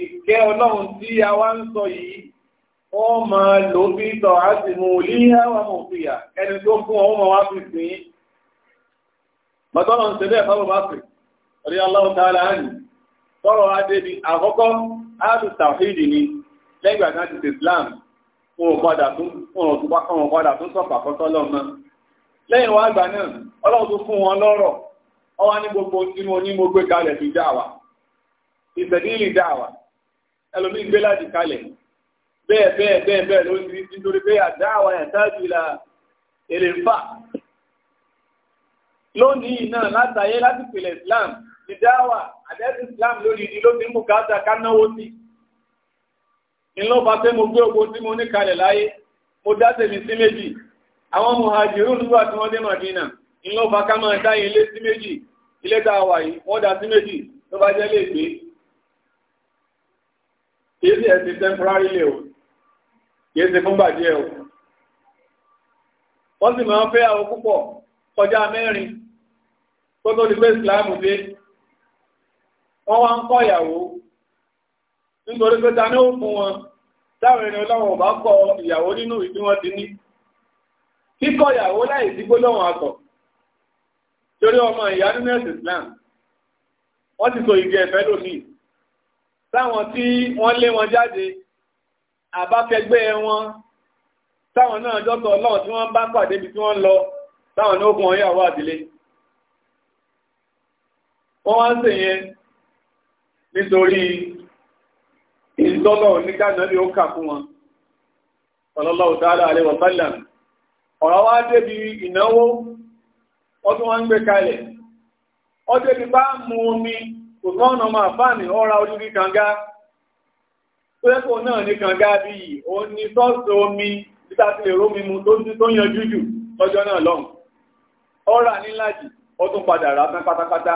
Speaker 1: ìkẹ́ ọlọ́run tí a wá ń sọ yìí ọ ma wá fi sìn ín mọ̀tọ́lọ̀ ń ṣẹlẹ̀ fáwọn bá fẹ̀ rí aláwọ̀ tààlà àkọ́kọ́ ni lẹ́gbàá Islam wọn padà tún sọ̀pà kọ́tọ́ lọ́mọ lẹ́yìn wá àgbà náà ọlọ́run tó fún wọn lọ́rọ̀ ọwá ní gbogbo sínú oní mo gbé kalẹ̀ fi dáwà ìsẹ̀dílì dáwà ẹlòmí gbé láti kalẹ̀ bẹ́ẹ̀ bẹ́ẹ̀ bẹ́ẹ̀ bẹ́ẹ̀ ló ti nítorí pé àdáwà ẹ̀sáàjì la èrè ń fà lónìí náà látàyé láti pèlè Islam ìdáwà àdẹ́sì Islam lórí ìdí ló ti ń bùkátà kánáwó sí i ńlọ́ba pé mo gbé ogun tí mo ní kalẹ̀ láyé mo dá tèmi sí méjì àwọn muhajirun nígbà tí wọ́n dé Madina ńlọ́ba ká máa dá ilé sí méjì ilé tá a wà yìí wọ́n dá sí méjì tó bá jẹ́ lè gbé kìí ṣe ẹ̀sìn temporary lè o kìí ṣe fúngbà díẹ̀ o wọ́n sì máa ń fẹ́ àwọn púpọ̀ kọjá mẹ́rin kó tó di pé Islam dé wọ́n wá ń kọ́ ìyàwó nítorí pé ta ní ó fún wọn táwọn ẹni ọlọ́wọ̀n bá kọ ìyàwó nínú ìdí wọn ti ní kíkọ ìyàwó láì sí gbólóhùn akọ torí ọmọ ìyá nínú ẹ̀sìn Islam wọ́n ti so ìgbé ẹ̀fẹ́ lónìí táwọn tí wọ́n lé wọn jáde àbákẹgbẹ́ wọn táwọn náà dọ́tọ̀ ọlọ́run tí wọ́n bá pàdé bí tí wọ́n lọ táwọn ní okùn ọyàwó àdílé wọ́n wá ń ṣe yẹn nítorí ìtọ́lọ̀ oníkànnà ni ó kà fún wọn sallallahu ta'ala alaihi wa sallam ọ̀rọ̀ wá débi ìnáwó wọ́n tún wọ́n ń gbé kalẹ̀ Ọ débi bá mú omi kò ọ̀nà máa fáàmì náà ní kànga bí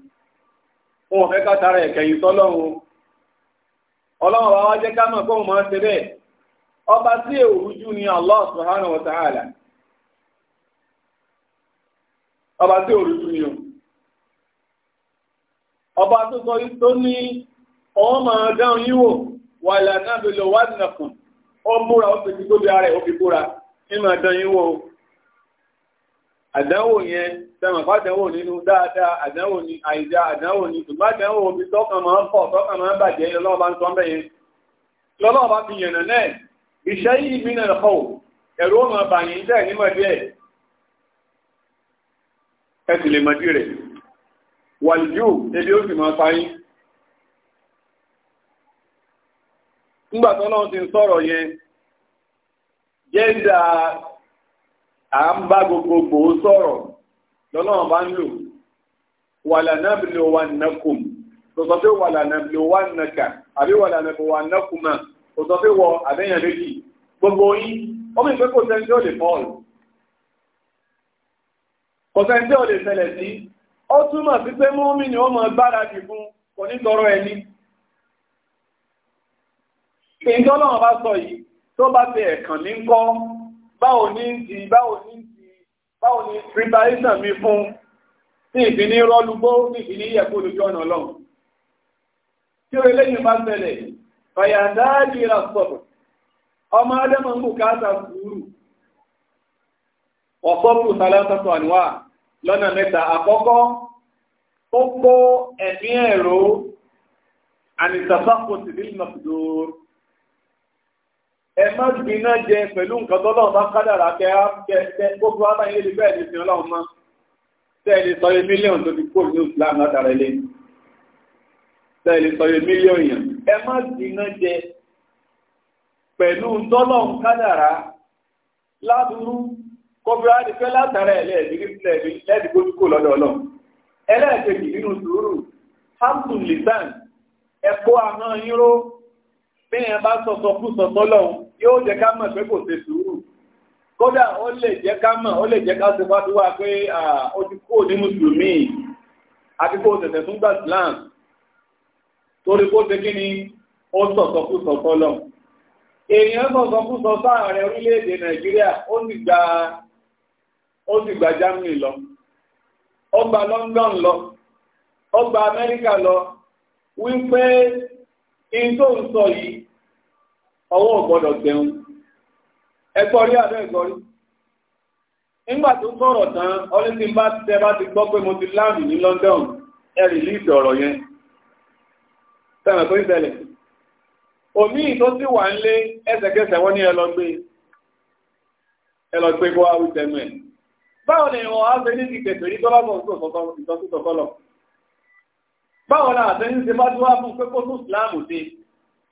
Speaker 1: wọn fẹ́ ká tara ẹ̀kẹ́yìn tọ́lọ́run ọlọ́run wa jẹ́ ká mọ̀ ọba tí èrújú ni Allah subhanahu wa ta'ala ọba tí èrújú ni o ọba tó sọ tó ní ọmọ máa dáhùn yíwò wà lànà wà ó múra ó fi tóbi ara ó fi nínú tẹ́mọ̀ pàtẹ́wò nínú dáadáa àdánwò ni àìdá àdánwò ni ṣùgbọ́n àdánwò omi tọ́kàn máa ń pọ̀ tọ́kàn máa ń bàjẹ́ lọ́lọ́ọ̀bá ń sọ́mbẹ̀ yẹn lọ́lọ́ọ̀bá fi yẹ̀nà náà iṣẹ́ yìí mìíràn lọ́kọ̀ ẹ̀rọ ọmọ bàyìn ń tẹ̀ nímọ̀ díẹ̀ ẹ sì lè mọ̀ dí rẹ̀ wàlíjú ebi ó sì máa fáyín nígbà tọ́lọ́run ti ń sọ̀rọ̀ yẹn jẹ́ńdà à ń bá gbogbogbò sọ̀rọ̀ lọ́lọ́run bá ń lò wàlànàbìlówánàkùn tó sọ pé wàlànàbìlówánàkà àbí wàlànàbìlówánàkùnmá tó sọ pé wọ àbẹ́yàn méjì gbogbo yín ọmọ ìpé kò sẹ́ni tí ó lè fọ́ọ̀lù kò sẹ́ni tí ó lè ṣẹlẹ̀ sí ó túmọ̀ sí pé mọ́mí ni ó mọ gbáradì fún kò ní tọrọ ẹni ìjọ́lọ́run bá sọ yìí tó bá ti ẹ̀kàn ní ń kọ́ báwo ní ń báwo ni preparation mi fún tí ìfìní rọ́lúgbó tí ìfìní yẹ̀kú olùjọ́ ọ̀nà ọlọ́run tí ó eléyìn bá tẹ̀lẹ̀ fàyàdáàjì ra sọ̀rọ̀ ọmọ adẹ́mọ̀ ń bù káàtà sùúrù ọ̀sọ́pù sàlẹ́sọ̀tọ̀ àníwá lọ́nà mẹ́ta àkọ́kọ́ ó kó ẹ̀mí ẹ̀rọ ànìtàfàkọ̀ sí bí mọ̀kùdóró ẹ má gbiná jẹ pẹ̀lú nǹkan tọ́lọ́ bá kádàrà kẹ́ gbogbo abáyé lè bẹ́ẹ̀ lè fi ọlọ́run mọ́ tẹ́ẹ̀lì sọye mílíọ̀n tó ti kó ní islam látara ilé tẹ́ẹ̀lì sọye mílíọ̀n yẹn ẹ má gbiná jẹ pẹ̀lú tọ́lọ́ kádàrà ládùúrú kọ́bíra ti fẹ́ látara ẹ̀ lẹ́ẹ̀dì lẹ́ẹ̀dìgbòdìkò lọ́dọ̀ ọlọ́run ẹlẹ́ẹ̀kejì nínú sùúrù hamsun lisan ẹ̀kọ́ àná yíró bẹ́ẹ̀ bá sọ̀tọ̀ kú sọ̀tọ̀ lọ́hùn yóò jẹ́ ká mọ̀ pé kò ṣe sùúrù kódà ó lè jẹ́ ká mọ̀ ó lè jẹ́ ká ṣe fàdúrà pé ó ti kú ní mùsùlùmí àti kó tẹ̀tẹ̀ fún gbàsílám torí kó ṣe kí ni ó sọ̀tọ̀ kú sọ̀tọ̀ lọ́hùn èèyàn sọ̀tọ̀ kú sọ̀tọ̀ ààrẹ orílẹ̀-èdè nàìjíríà ó sì gba germany lọ ó gba london lọ ó gba amẹ́ríkà lọ wípé in tó ń sọ yìí ọwọ́ gbọ́dọ̀ gbẹun ẹgbọ́ rí àbẹ́ ẹ̀gbọ́ rí nígbà tó sọ̀rọ̀ tán ọdún tí bá tẹ bá ti gbọ́ pé mo ti láàmì ní London ẹ rìlíìsì ọ̀rọ̀ yẹn sẹ́wọ̀n tó ń ṣẹlẹ̀ òmí tó sì wà ń lé ẹsẹ̀kẹsẹ̀ wọ́n ní ẹ lọ gbé kó áwù tẹnu ẹ̀ báwo ni wọn á fẹ́ ní ti kẹsẹ̀ yìí tọ́lá bọ̀ ìtọ́sítọ̀kọlọ̀ báwo la àtẹ́yìn ti bá tó wá fún pé kó tún Islam ṣe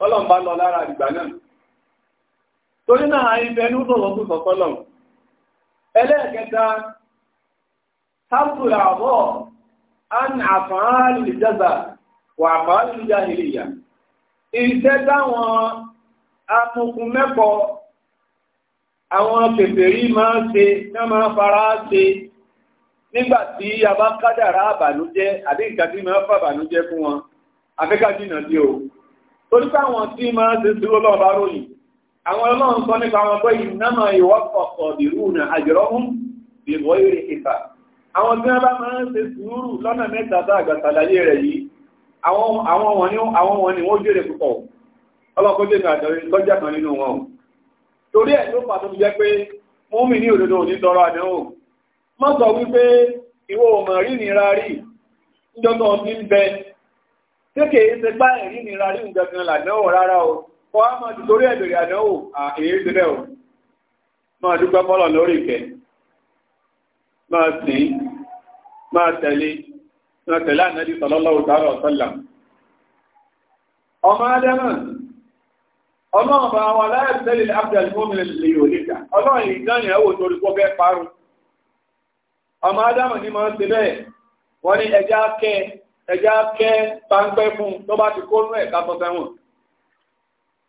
Speaker 1: ọlọ́run lọ lára ìgbà náà torí náà ibẹ̀ ní ọdún ọdún kọ̀kọ́lọ̀ ẹlẹ́ẹ̀kẹta tábùlà àbọ̀ an àfààní ìjọba wà àfààní ìjáhìlìyà iṣẹ́ táwọn amukun mẹ́kọ̀ọ́ àwọn kèfèrí máa ń ṣe ká máa fara ṣe nígbà tí a bá kádàrá àbànújẹ́ àbí nǹkan tí máa fàbànújẹ́ fún wọn afẹ́kájìnà sí o torí tí máa ṣe sí ọlọ́ọ̀bá ròyìn àwọn ọlọ́run sọ nípa wọn pé ìnámọ̀ ìwọ́pọ̀pọ̀ ìrúnà àjọrọ́hún ìwọ́ ìrìn ìfà àwọn tí wọ́n bá máa ń ṣe sùúrù lọ́nà mẹ́ta tá àgbàsàlàyé rẹ̀ yìí àwọn wọn ni wọ́n jèrè púpọ̀ ọlọ́kọ́jẹ́ ìgbàjọ́jẹ́ kan nínú wọn torí ẹ̀ ló pàtó jẹ́ pé mọ́mí ní òdodo òní tọrọ àdánwò mọ́ sọ wípé ìwọ ọmọ rí nira kọ́ á máa torí ẹ̀bẹ̀rẹ̀ àdánwò èyí sílẹ̀ o máa dúpẹ́ fọ́lọ̀ lórí ìkẹ́ máa sìn máa tẹ̀lé máa tẹ̀lé ànábì sallallahu ta'ala wa ọmọ adẹ́mọ̀ ọlọ́run bá wà láyé tẹ́lẹ̀ abdul mumin lè yóò níta ọlọ́run yìí dán ní ni máa ń ṣe bẹ́ẹ̀ wọ́n ní ẹja kẹ́ ẹja kẹ́ páńpẹ́ fún tó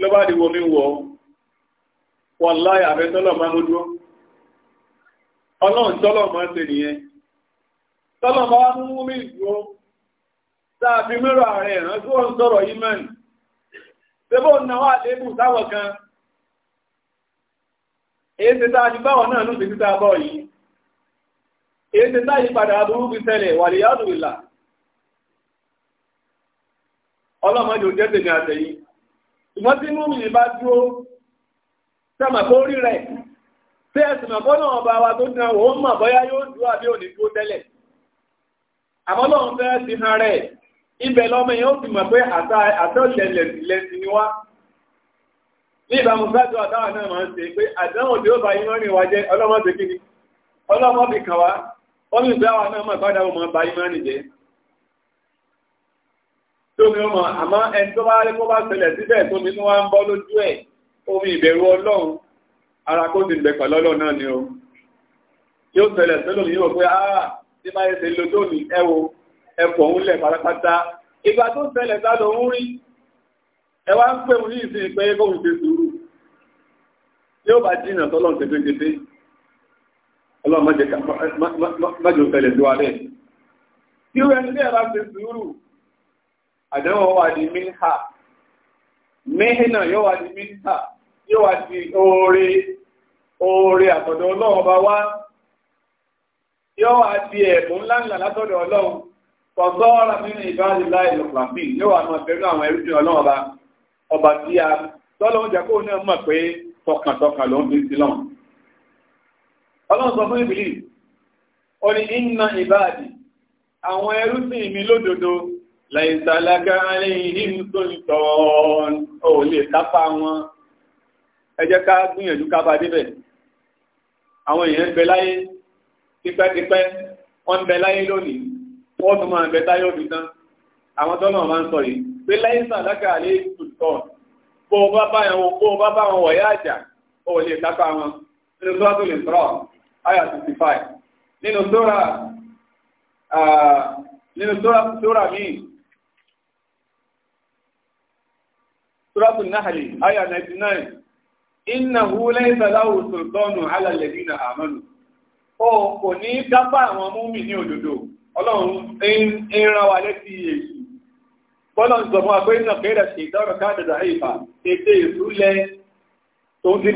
Speaker 1: ló bá di wo mi wọ̀ wọ́n láyà àfẹ́sọ́lọ̀ máa mú dúró ọlọ́run tọ́lọ̀ máa ṣe nìyẹn tọ́lọ̀ máa wá mú mi dúró sáàfi mẹ́rọ ààrẹ ìran tí wọ́n sọ̀rọ̀ yìí mẹ́rin kan èyí tẹ́ ti bọọ náà lóṣèlú tá bọ̀ yìí èyí ṣùgbọ́n tí múmi bá dúró sẹ́mà kó rí rẹ̀ tí ẹ̀sìn mọ̀kọ́ náà bá wa tó dán wò ó mọ̀ bóyá yóò dúró àbí òní dúró tẹ́lẹ̀ àmọ́ fẹ́ ti hàn rẹ̀ ibẹ̀ lọ́mọ yẹn ó ti mọ̀ pé àtọ́lẹ̀ lẹ́sì ni wá ní ìbámu sáájú àtàwọn náà máa ń ṣe pé àdánwò tí ó bá yín mọ́rin wa jẹ́ ọlọ́mọ ti kí ni ọlọ́mọ bì wá ó ní ìgbé náà mọ̀ tómi ọmọ àmọ́ ẹni tó bá rí kó bá ṣẹlẹ̀ síbẹ̀ tómi tó wá ń bọ́ lójú ẹ̀ omi ìbẹ̀rù ọlọ́run ara kó ti bẹ̀ pẹ̀lú náà ni o yóò ṣẹlẹ̀ sẹ́lómi yóò pé ah tí bá yẹ ṣe lo tómi ẹ wo ẹ̀fọ́ ń lẹ̀ pátápátá ìgbà tó ṣẹlẹ̀ sá ló ń rí ẹ wá ń pè mí ní ìsìn pé kó ń ṣe sùúrù yóò bá jìnnà tọ́lọ́ tẹ́tẹ́tẹ́tẹ́ ọlọ́run má jẹ́ ká má jẹ́ ṣẹlẹ̀ sí wa bẹ́ẹ̀ tí ó rẹ àdánwò wà ní minha mihina yóò wà minha yóò wà oore oore àtọ̀dọ̀ ọlọ́run wa wá yóò di ẹ̀bùn ńláńlá látọ̀dọ̀ nínú ìbáraẹni láì wà máa bẹ̀rù àwọn ọlọ́run ọba ọba tí a oúnjẹ kó náà mọ̀ pé tọkàntọkàn ló ń bí sí lọ́n ọlọ́run sọ fún ìbílí láìsàlágá aléhìn tó ń tọ́ ò lè kápá wọn ẹ jẹ́ ká gbìyànjú kápá débẹ̀ àwọn èèyàn ń bẹ láyé tipẹ́tipẹ́ wọ́n ń bẹ láyé lónìí wọ́n tún máa ń bẹ táyé òbí tán àwọn tọ́nà máa ń sọ yìí pé láìsàlágá aléhìn tó ń tọ́ bó o bá bá wọn bó Suratul Nahl aya 99 innahu laysa lahu sultanun 'ala alladhina amanu ó kò ní dábàá àwọn múmi ní òdodo ọlọ́run ń ran wa létí èsù bọ́lá ń sọ fún wa pé iná kéèrè sí ìdọ́rọ̀ káàdìdà ìfà ètè èsù lẹ tòun ti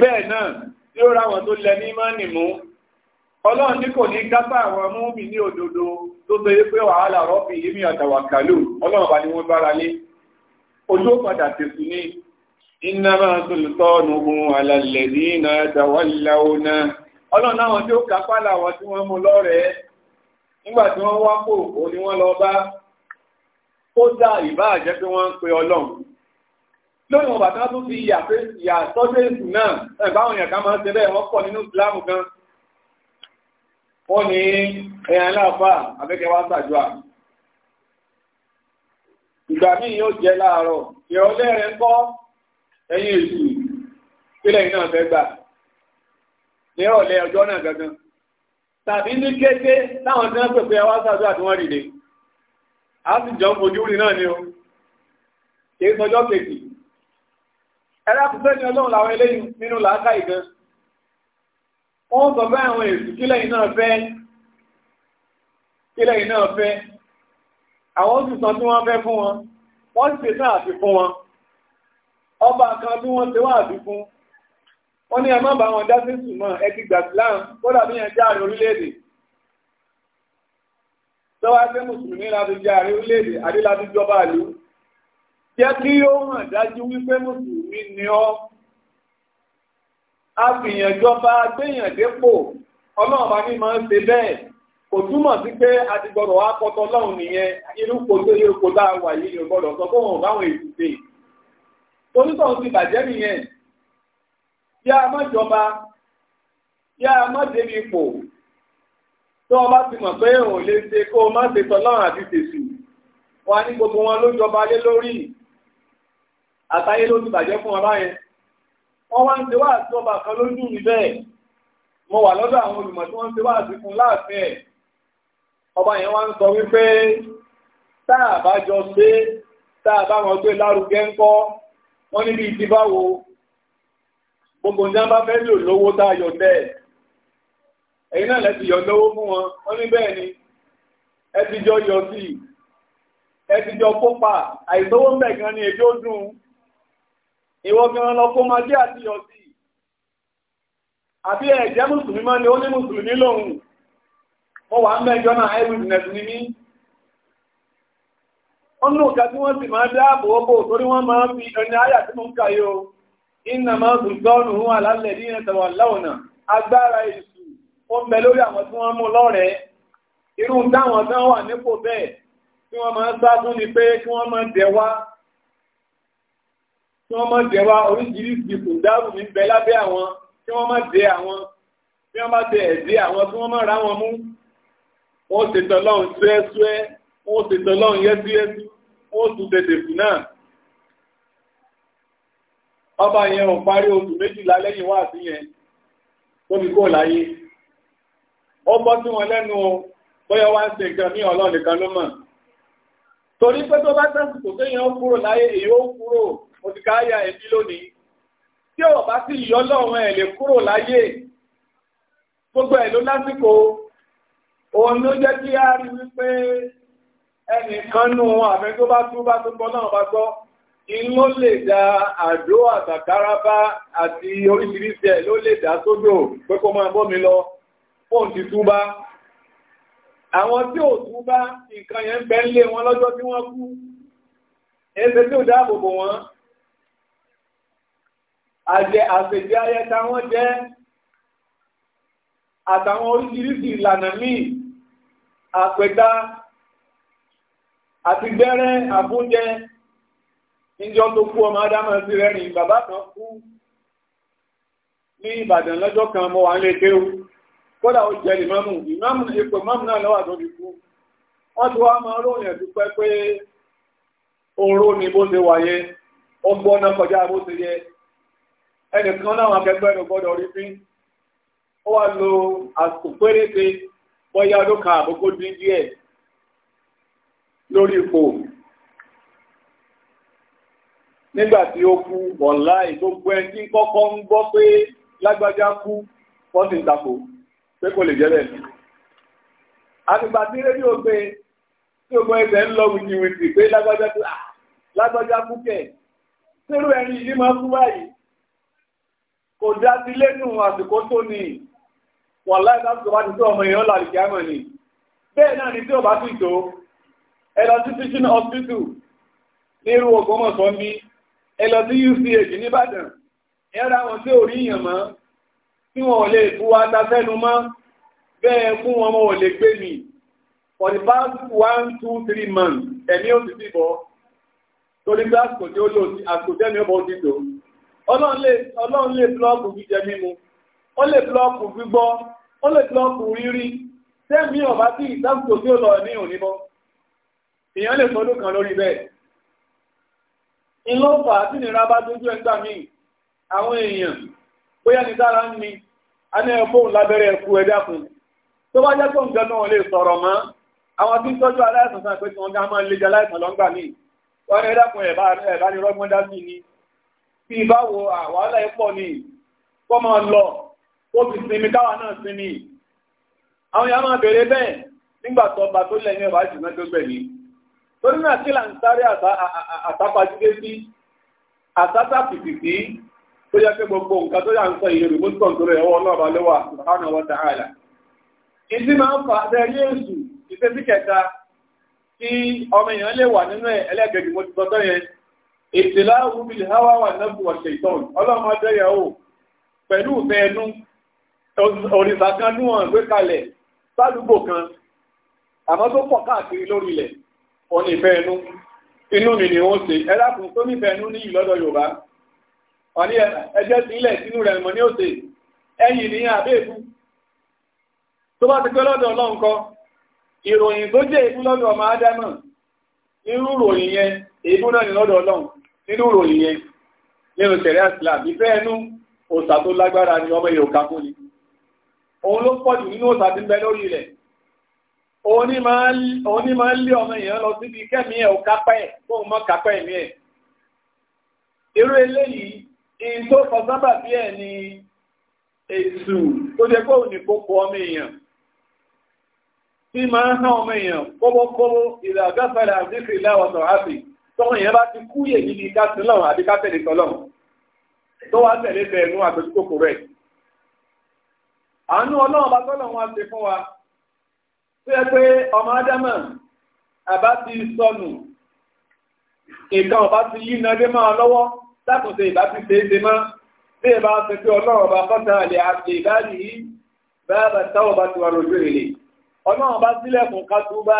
Speaker 1: tí wọn ọlọ́run ní kò ní àwọn ní òdodo tó pé wàhálà rọ́bì yìí mi àtàwàkàlù ọlọ́run bá ní wọ́n bára ojú padà tẹ̀sù ní ìnáwà tòlùtọ́ọ̀nù ohun alàlẹ̀ ní ìnà àtàwálà ọ̀nà ọlọ́nà àwọn tí ó kápá làwọn tí wọ́n mú lọ́rẹ̀ẹ́ nígbà tí wọ́n wá pò ó ní wọ́n lọ bá kó dá ìbá àjẹ́ pé wọ́n ń pe ọlọ́run ìgbà míì yóò jẹ́ láàárọ̀ ìrọ̀lẹ́ rẹ̀ ń kọ́ ẹ̀yìn èsù kílẹ̀ iná fẹ́ gbà nírọ̀lẹ́ ọjọ́ náà gangan tàbí ní kété táwọn tí wọ́n pè pé ẹwà sàdúrà tí wọ́n rìnlẹ̀ a sì jọ fojú rí náà ni o kìí sọjọ́ kejì ẹ̀rọ àkùsẹ́ ni ọlọ́run làwọn eléyìí nínú làákà ìgan wọ́n sọ fẹ́ àwọn èsù kílẹ̀ iná fẹ́ kílẹ̀ iná fẹ́ àwọn ó sì sọ tí wọ́n fẹ́ fún wọn wọ́n sì ṣe àfi fún wọn ọba kan bí wọ́n ṣe wá àfi fún wọ́n ní ẹ má bá wọn dá sí sùmọ́ ẹgbẹ́ gbàsílám kódà bí yẹn járe orílẹ̀-èdè tọ́wá pé mùsùlùmí láti járe orílẹ̀-èdè adélábí jọba àlú jẹ́ kí ó hàn dájú wípé mùsùlùmí ni ọ́ àfihàn jọba gbéyàn dépò ọlọ́ọ̀bá ní máa ń ṣe bẹ́ẹ̀ kò túmọ̀ sí pé a ti gbọ́dọ̀ wá kọ́tọ́ lọ́hùn nìyẹn irú kòtò yóò kó dáa wà yìí yóò gbọ́dọ̀ sọ fóun báwọn èsì dé tonítọ̀hún ti bàjẹ́ nìyẹn kí a má jọba kí a má débi ipò tó o bá ti mọ̀ pé òun lè ṣe kó o má ṣe tọ́lọ́run àti tèṣù wọn ní gbogbo wọn ló jọba lé lórí àtayé ló ti bàjẹ́ fún wọn báyẹn wọ́n wá ń ṣe wáàsí ọba kan lójú mi bẹ́ẹ̀ mo wà lọ́dọ̀ àwọn olùmọ̀ tí wọ́n ń ṣe wáàsí fún láàfin ẹ̀ ọba yẹn wá ń sọ wípé táà bá jọ ṣe táà bá wọn gbé lárugẹ ńkọ́ wọ́n níbi ìdí báwo gbogbo ní a bá fẹ́ lò lówó tá a yọ bẹ́ẹ̀ ẹ̀yin náà lẹ́ti yọ lówó fún wọn wọ́n ní bẹ́ẹ̀ ni ẹ ti jọ yọ sí i ẹ ti jọ kópa àìsówó ń bẹ̀ gan ni èjó dùn ìwọ gan lọ kó máa jẹ́ àti yọ sí àbí ẹ̀jẹ̀ mùsùlùmí máa ní ó ní mùsùlùmí lòun wà mẹ́jọ náà eyewitness ni mí ọ̀nà òkà tí wọ́n sì máa dá àbò ọbọ̀ torí wọ́n máa fi ẹni ayà tí mo ń kà yóò iná máa dùn gọ́ọ̀nù hún alálẹ̀ ní ẹ̀tẹ̀wà láwọ̀nà agbára èṣù ó ń bẹ lórí àwọn tí wọ́n mú lọ́rẹ̀ẹ́ irú táwọn tán wà nípò bẹ́ẹ̀ tí wọ́n máa sá fún ni pé kí wọ́n máa dẹ̀wá kí wọ́n máa dẹ̀wá oríṣiríṣi kò dárù ní bẹ lábẹ́ àwọn kí wọ́n máa dẹ àwọn kí wọ́n máa dẹ ẹ̀dẹ́ àwọn kí wọ́n máa rá wọn mú wọ́n ṣe tọ́lọ́run súẹ́súẹ́ wọ́n ṣe tọ́lọ́run yẹ́súyẹ́sú wọ́n tún tètè fún náà ọba yẹn ò parí oṣù méjìlá lẹ́yìn wá sí yẹn tó fi kó láyé ó bọ́ sí wọn lẹ́nu bóyá wá ń ṣe nǹkan ní ọlọ́run nìkan ló mọ̀ torí pé tó bá tẹ́sìkò téèyàn kúrò láyé èyí ó kúrò mo ti ká yà ẹbí lónìí tí ò sì yọ lọ́run ẹ̀ lè kúrò láyé gbogbo ẹ̀ ló lásìkò òun ló jẹ́ kí a rí wípé ẹnìkan nù àfẹ́ tó bá tú bá tó gbọ́ náà bá gbọ́ inú lè dá àdó àtàkárabá àti oríṣiríṣi ẹ̀ ló lè dá sódò pé kó máa bọ́ mi lọ fóun ti túbá àwọn tí ò túbá nǹkan yẹn ń bẹ nílé wọn lọ́jọ́ tí wọ́n kú ẹsẹ̀ tí ò dáàbòbò wọn àjẹ àṣèjẹ ayẹta wọn jẹ àtàwọn oríṣiríṣi ìlànà míì àpẹ̀dá àti gbẹ́rẹ́ àbújẹ níjọ́ tó kú ọmọ adámọ̀ sí rẹ́rìn bàbá kan kú ní Ìbàdàn lọ́jọ́ kan mọ́ wà ń lè kéwú kódà ó jẹ́ ìmọ́mù ìmọ́mù ipò mọ́mù náà lọ́wà tó fi kú wọ́n ti wá máa ròyìn ẹ̀dúpẹ́ pé oró ni bó ṣe wáyé ó gbọ́ náà kọjá bó ṣe yẹ ẹnìkan náà akẹgbẹ́ rẹ̀ gbọ́dọ̀ rí fín ó wá lo àsìkò péréte bọ́yá ọdún kan àkókò dín díẹ̀ lórí ipò nígbà tí ó kú ọ̀la ìgbógbó ẹ tí kọ́kọ́ ń gbọ́ pé lágbájá kú fọ́sì ń takò pé kò lè jẹ́ bẹ́ẹ̀. àtìgbà tí rédíò gbé tí ó gbọ́ ẹsẹ̀ ń lọ wìtìwìtì pé lágbájá kú ah, lágbájá kú kẹ̀ sírú ẹni yìí máa kú báyìí kò dá sí lẹ́nu àsìkò tó nìyí wọ́n láì láti wá ti tó ni bẹ́ẹ̀ náà ni tí ò bá sì tó ẹ lọ sí teaching hospital ní irú Ògbómọ̀ṣọ́ ń bí ẹ lọ sí UCH nìbàdàn ẹ for the past one two three months ẹ̀mí ò ti bọ̀ torí pé àsìkò tí ó lò àsìkò tẹ́mi ó bọ̀ ti ọlọ́run lè blọ́ọ̀kù jíjẹ mímu ó lè blọ́ọ̀kù gbígbọ́ ó lè blọ́ọ̀kù rírí sẹ́mi ọ̀bá tí ìsáàmùtò tí ó lọ ní òní mọ́ èèyàn lè sọdún kan lórí bẹ́ẹ̀ ìlọ́fà tí nira bá dójú ẹgbà míì àwọn èèyàn bóyá ní dára ń ni a ní ẹ̀fóhùn lábẹ́rẹ́ ẹ̀kú ẹ̀dá fún tó bá jẹ́ fóun gan náà lè sọ̀rọ̀ mọ́ àwọn tí ń tọ́jú aláìsàn sáà pé tí wọ́n gá máa ń lé jẹ aláìsàn lọ́ngbà míì wọ́n ní ẹ̀dá fún ẹ̀bá ní rọ́gbọ́n dá sí ni bí ìbáwo àwàlá ẹ̀ pọ̀ ni kọ́ máa lọ ó ti sinmi káwa náà sinmi àwọn èèyàn máa bèèrè bẹ́ẹ̀ nígbà tó ọba tó lẹ́yìn ọba jù náà tó gbẹ̀mí torí náà kí là ń sáré àtàpàjúdé sí àtàtà pìpìpì tó yẹ pé gbogbo nǹkan tó yà ń sọ ìyẹn remote control ẹ̀wọ́ náà bá lọ́wọ́ àtàkùn àwọn tààlà ìdí máa ń fa abẹ́rẹ́ yéésù ìṣesí kẹta tí ọmọ èèyàn lè wà nínú ẹ̀ ẹlẹ́gẹ̀dì mo ti sọ́tọ́ yẹn ètè láwùmí hawa wà náà bù ọ̀ṣẹ̀ ìtọ́n ọlọ́mọdé yẹ̀ o pẹ̀lú ìfẹ́ ẹnu òrìṣà kan ní wọn gbé kalẹ̀ sádùúgbò kan àmọ́ tó pọ̀ káàkiri lórí ilẹ̀ wọn nífẹ̀ẹ́ ẹnu inú mi ni wọ́n ṣe ẹlákùn tó nífẹ̀ẹ́ ẹnu ní ìlọ́dọ̀ Yorùbá wọn ní ẹjẹ́ sílẹ̀ sínú rẹ̀ mọ́ ní òṣè ẹ̀yìn ní àbẹ́ẹ̀kú tó bá ti pẹ́ lọ́dọ̀ Ọlọ́run kọ ìròyìn tó jẹ́ ìbú lọ́dọ̀ ọmọ ádámà nínú ìròyìn yẹn ìbú náà ní lọ́dọ̀ Ọlọ́run nínú ìròyìn yẹn nínú tẹ̀rẹ́ àsìlá ìfẹ́ ẹnu òṣà tó lágbára ni ọmọ Yorùbá kó ni òun ló pọ̀ jù nínú òsà tí ń bẹ lórí rẹ̀ òun ní máa ń lé ọmọ èèyàn lọ síbi kẹ́mi ẹ̀ ò kápẹ́ ẹ̀ kóun mọ́ kápẹ́ ẹ̀mí ẹ̀ irú eléyìí in tó fọ sábà bí ẹ̀ ni èsù tó jẹ́ kóun ní kókó ọmọ èèyàn tí máa ń hàn ọmọ èèyàn kóbókóbó ìlà àgbàfẹ́lẹ̀ àdíkì láwọ̀sọ̀ áfì tọ́wọ́n èèyàn bá ti kúyè níbi ká sílọ̀ àbí ká tẹ̀lé tọ́lọ̀ tó wá tẹ̀lé tẹ̀ẹ̀nú àtòjúkòkò rẹ̀ àánú ọlọ́run bá tọ́lọ̀ wọn ṣe fún wa tó yẹ pé ọmọ ádámà àbá ti sọnù nǹkan ọba ti yí nadé máa lọ́wọ́ látòsí ìbá ti ṣe é ṣe mọ́ bí ìbá ṣe pé ọlọ́run bá kọ́ta àlè àti ìbáàdì yìí báyà táwọn bá ti wà lójú ìrìlè ọlọ́run bá sílẹ̀kùn ká tó bá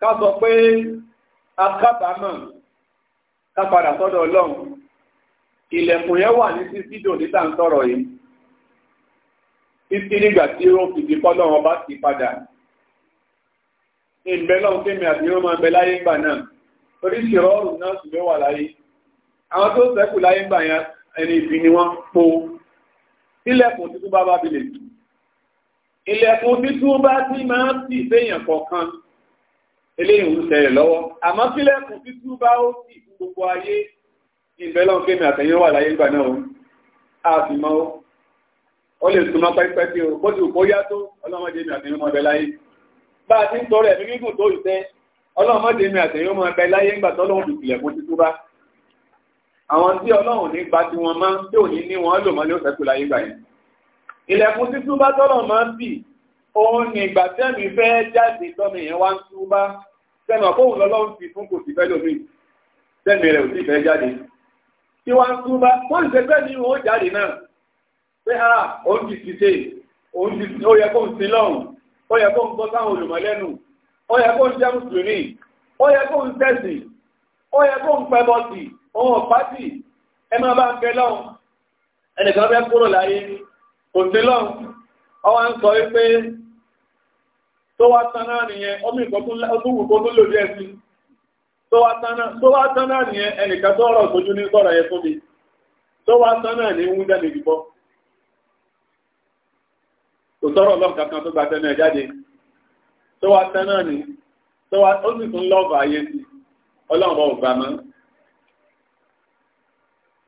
Speaker 1: ká sọ pé akábàámọ̀ ká padà sọ́dọ̀ ọlọ́run ilẹ̀kùn yẹn wà ní sísídò níta ń sọ̀rọ̀ yìí títí nígbà tí ó fi di kọ́ lọ́wọ́ bá ti padà ìbẹ́ lọ́wọ́ kémi àti yóò máa bẹ láyé ńgbà náà torí ṣèrọ ọ̀rùn náà sì ló wà láyé àwọn tó ṣẹ́kù láyé ńgbà yẹn ẹni ìbí ni wọ́n po ilẹ̀kùn títún bá bá bi lè tù ilẹ̀kùn títún bá ti máa ń tì séèyàn kọ̀ọ̀kan eléyìí ń ṣẹlẹ̀ lọ́wọ́ àmọ́ kílẹ̀kùn títún bá ó sì gbogbo ayé ìbẹ́ lọ́wọ́ kémi àtẹ̀yìn wà láyé ńgbà náà ó lè súnmọ́ pẹ́pẹ́ tí o bó ti kó yá tó ọlọ́mọdé mi àtẹ̀yìn ọmọ ẹ̀bẹ̀ láyé bá a ti ń tọrọ ẹ̀mí gígùn tó ìfẹ́ ọlọ́mọdé mi àtẹ̀yìn ọmọ ẹ̀bẹ̀ láyé ńgbà tó lóhùn ìpìlẹ̀ fún títú bá àwọn tí ọlọ́run ní gba tiwọn mọ́ tí ò ní ní wọn lò mọ́ ní òṣèkù láyé gbà yẹn ilẹ̀kùn títú bá tọ́lọ̀ mọ́ bì òun ní ìgbà tẹ́mi fẹ́ jáde tọ́mi yẹn wá ń tú bá sẹ́mi ọ̀pọ̀hùn lọ́lọ́run ti fún kò sí fẹ́ lómi sẹ́mi rẹ̀ ò sì fẹ́ jáde tí wá ń tú bá wọ́n ń ṣe fẹ́ ní jáde náà pé a òun ti ti ṣe òun ti ó yẹ kó ń sin lọ́hùn ó yẹ kó ń gbọ́ sáwọn olùmọ̀lẹ́nu ó yẹ kó ń jẹ́ mùsùlùmí ó yẹ kó ń tẹ̀sìn ó yẹ kó ń pẹ́bọ́ sí òun ọ̀pá sí ẹ máa bá ń bẹ lọ́hùn ẹnìkan fẹ́ kúrò láyé kò sí lọ́hùn ọwọ́ ń sọ wípé tó wá tán náà nìyẹn ọmọ ìkọ̀tún kò tó lòdì ẹ̀sìn tó wá tán náà nìyẹn ẹnìkan tó ọ̀rọ̀ sójú ní sọ̀rọ̀ yẹn fún mi tó wá tán náà ní wúndẹ́ mi dìbọ́ kò sọ̀rọ̀ lọ́n kankan tó gba tẹnu ẹ̀ jáde tó wá tẹ́ náà ni tó wá ó sì tún lọ́ọ̀bù ayé sí ọlọ́run ò gbà mọ́.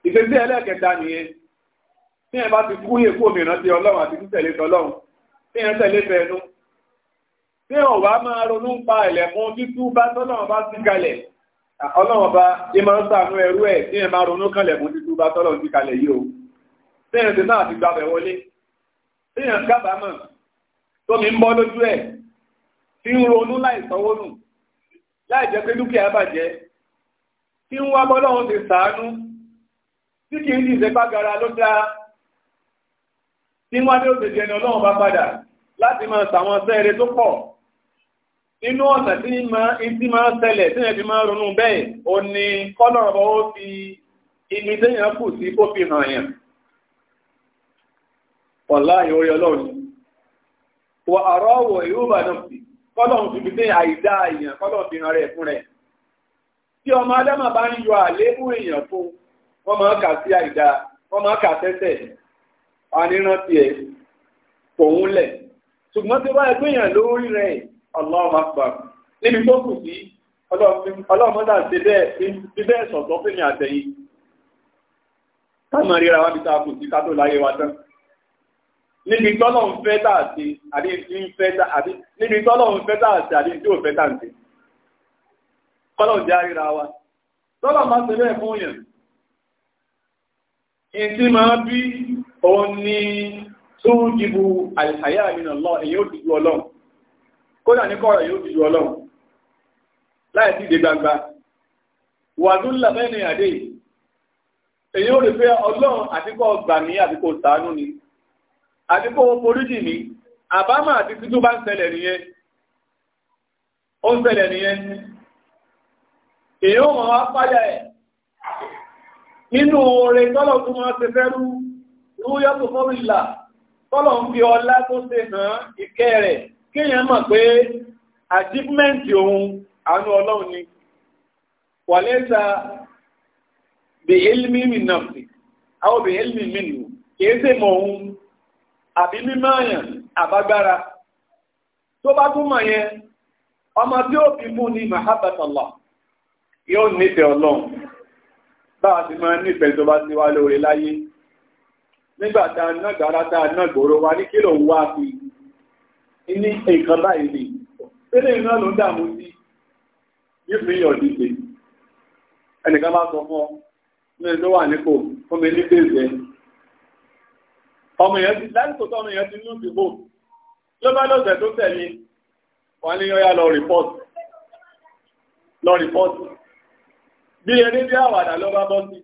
Speaker 1: ìṣesí ẹlẹ́ẹ̀kẹta nìyẹn tí ẹ bá ti kú yè kú òmìnira ti ọlọ́run àti títẹ̀lé tọlọ́run tí ẹ tẹ̀lé fẹ́ẹ́nu tí ò bá máa ronú pa ẹ̀lẹ̀kùn títú bá tọ́lọ́run bá sí kalẹ̀ ọlọ́run bá yé máa ń sàánú ẹrú ẹ̀ tí ẹ máa ronú kalẹ̀kùn títú bá tọ́lọ́run sí kalẹ̀ yìí o tí ẹ ti náà ti gbàbẹ̀ wọlé téèyàn kábàámọ̀ tómi ń bọ́ lójú ẹ̀ tí ń ronú láì sanwó nù láì jẹ́ pé dúkìá bàjẹ́ tí ń wá bọ́lọ́run ti sàánú tí kì í dìde bágara ló dáa tí wọ́n ní òṣèlú ẹni ọlọ́run bá padà láti máa sàwọn sẹ́ẹ̀rẹ́ tó pọ̀ nínú ọ̀nà tí máa ṣẹlẹ̀ tí ẹ̀ fi máa ronú bẹ́ẹ̀ ò ní kọ́lọ̀rọ̀ ó fi ibi téèyàn kù sí kó fi hàn yàn Ọla ìwé ọlọ́run wọ àrọ́ wọ ìwé ìbàdàn sí kọ́lọ́run fi fi àìdá èèyàn kọ́lọ́run fi rẹ̀ fún rẹ̀ tí ọmọ adámà bá ń yọ àléébù èèyàn fún wọ́n máa kà sí àìdá wọ́n máa kà sẹ́sẹ̀ ẹ̀ ṣùgbọ́n tí wọ́n ẹgbẹ́ èèyàn lórí rẹ̀ níbi tó kù sí ti bẹ́ẹ̀ àtẹ̀yìn níbi tọ́lọ̀ ń fẹ́ tà sí àbí tí ń fẹ́ tà àbí níbi tọ́lọ̀ ń fẹ́ tà sí àbí tí ò fẹ́ tà sí kọ́lọ̀ jẹ́ àríra wa tọ́lọ̀ máa ṣe bẹ́ẹ̀ fún yẹn ìtí máa bí òun ni tó dìbò àyà ìrìnà lọ èyí ò dìjú ọlọ́run kódà ní kọ́rọ̀ èyí ò dìjú ọlọ́run láì sí ìdè gbangba wà tó lábẹ́ àdé èyí ò rí pé ọlọ́run àtikọ́ gbà mí àtikọ́ ṣàánú ni àti kó foríjì ní àbámà àti títú bá ń ṣẹlẹ̀ nìyẹn ó ń ṣẹlẹ̀ nìyẹn èyí ó mọ̀ wá fáyà ẹ̀ nínú oore tọ́lọ̀ tó máa ṣe fẹ́rú rúyọ́ tó fọ́rú ìlà tọ́lọ̀ ń fi ọlá tó ṣe hàn ìkẹ́ rẹ̀ kéèyàn mọ̀ pé àjífmẹ́ǹtì òun àánú ọlọ́run ni wàlẹ́ta bèèlmí mi nàfì àwọn bèèlmí nù kìí ṣe òun àbí mímọ̀ àyàn àbágbára tó bá túmọ̀ yẹn ọmọ tí ó fi mú ni mahabatala yóò nífẹ̀ẹ́ ọlọ́run bá a ti máa nífẹ̀ẹ́ tó bá ti wá lóore láyé nígbà tá a náà wa ní kílò wá fi ní nǹkan báyìí tẹ́lẹ̀ iná ló ń sí yóò dìde ẹnìkan bá sọ fún ọ ní tó wà nípò fún mi ní bèèrè ọmọ yẹn ti lásìkò tó ọmọ yẹn ti nú ìbò ló bá lọ́sẹ̀ tó tẹ̀lé wọn ní ọyá lọ rìpọ́tì lọ rìpọ́tì bí ẹni bí àwàdà ló bá bọ́ sí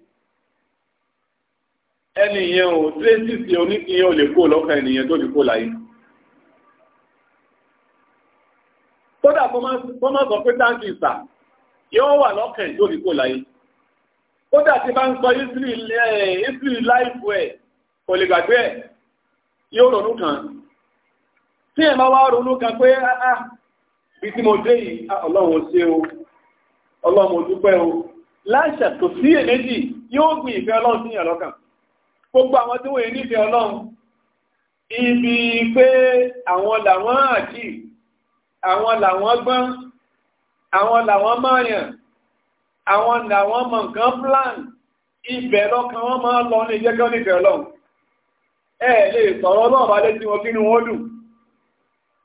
Speaker 1: ẹni yẹn ò tírésì sí oníkìyẹn ò lè kó lọ́kàn ènìyàn tó lè kó láyé kódà kó má sọ pé táǹkì ìsà yóò wà lọ́kàn tó lè kó láyé kódà tí bá ń sọ ìsìrì eh, láìpù ẹ̀ kò lè gbàgbé ẹ̀ yóò ronú kan tí ẹ̀ máa wá ronú kan pé áá ah, ah, bí tí mo dé yìí ah, ọlọ́run ṣe o ọlọ́run dúpẹ́ o láṣà tó sí èméjì yóò gbìn ìfẹ́ ọlọ́run sí ìyàn gbogbo àwọn tí wọ́n yẹ nífẹ̀ẹ́ ọlọ́run ibi pé àwọn làwọn àjì àwọn làwọn gbọ́n àwọn làwọn mọ̀ọ̀yàn àwọn làwọn mọ̀ nǹkan plan ibẹ̀ lọ́kàn wọn máa lọ ní ìjẹ́kẹ́ nífẹ̀ẹ́ ọlọ́run ẹ lè sọ̀rọ̀ ọlọ́ọ̀bá lé tí wọ́n kí ní wọ́n dùn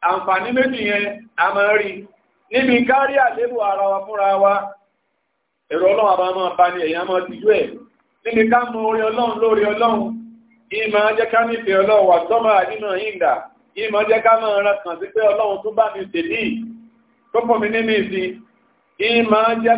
Speaker 1: àǹfààní méjì yẹn a rí níbi kárí àlébù ara wa fúnra wa ẹ̀rọ ọlọ́run máa bá ní ẹ̀yà máa ti ẹ̀ níbi ká mọ orí ọlọ́run lórí ọlọ́run ìmọ̀ ká nífẹ̀ẹ́ ọlọ́run tọ́mà ìgbà ìmọ̀ ká máa kàn sí pé ọlọ́run tó bá mi tó pọ̀ mi ìmọ̀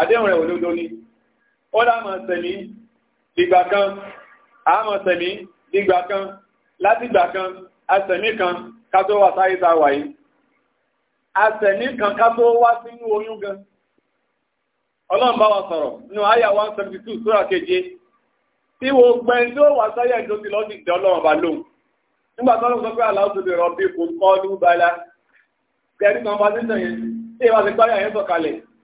Speaker 1: àdéhùn rẹ̀ olódó ní ó dámọ̀ sẹ̀mí dìgbà kan àmọ̀ sẹ̀mí dìgbà kan látìgbà kan asẹ̀mí kan ká tó wà sáyé ta wà yìí asẹ̀mí kan ká tó wá sínú oyún gan ọlọ́run bá wa sọ̀rọ̀ nínú àyà 172 sóra keje tí wo gbẹ́ tí ó wà sáyé tó ti lọ́dún ìjọ ọlọ́run bá lóhùn nígbà tó lọ́dún sọ pé aláwọ̀ tó lè rọ bí kò kọ́ ọdún bala kẹrin kan bá tẹ̀sán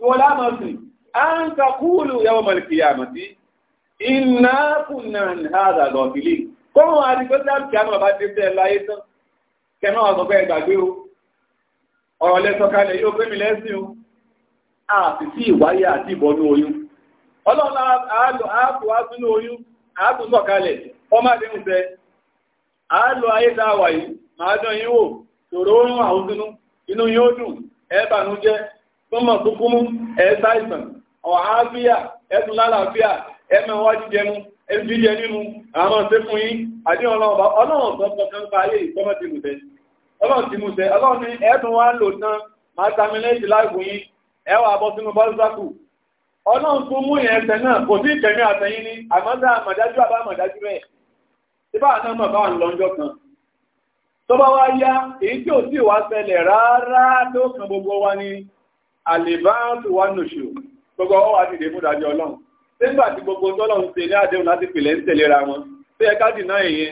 Speaker 1: ìwọ̀n láàmà sí an takúlù yawọ malkiyamati iná kùnà hàdà gọ̀fìlì kọ́mọ̀ àdìgbẹ́sẹ̀ àbíkíyàmọ̀ bá dé tẹ́ láyé tán kẹ́nà ọ̀sọ̀gbẹ́ ìgbàgbé o ọ̀rọ̀ o àti sí ìwáyé àti ìbọnú àálò àápù àtúnú oyún àápù sọ̀kalẹ̀ ọmọ àdéhùn sẹ àálò ayédáwà yìí màá tòrò oorun inú yóò dùn sọ́mọ̀ kúkúmú ẹ̀ẹ́sà ìsàn ọ̀háfíà ẹ̀sùn lálàáfíà ẹ̀mẹ̀ wọ́n jíjẹ mú ẹ̀jíjẹ nínú àwọn ṣe fún yín àdí ọlọ́ọ̀bá ọlọ́run sọ kankan pa ayé ìtọ́mọ̀ ti mú tẹ ọlọ́run ti mú tẹ ọlọ́run ní ẹ̀ẹ́dùn wa ń lò tán máa tàmílẹ́ẹ̀tì láìpù yín ẹwà bọ́ sínú bọ́lùsákù ọlọ́run tó mú yẹn ẹsẹ̀ náà kò sí ìtẹ̀mí àtẹ̀yìn ní àmọ́dá àmọ̀dájú àbá àmọ̀dájú rẹ̀ síbá àná mọ̀ bá ń àlèbáàlù wà nùṣù gbogbo ọwọ́ àti ìdè fúndájọ́ ọlọ́run nígbà tí gbogbo tọ́lọ́run ṣe ní àdéhùn láti pìlẹ̀ ń tẹ̀léra wọn tó yẹ ká dìná èyí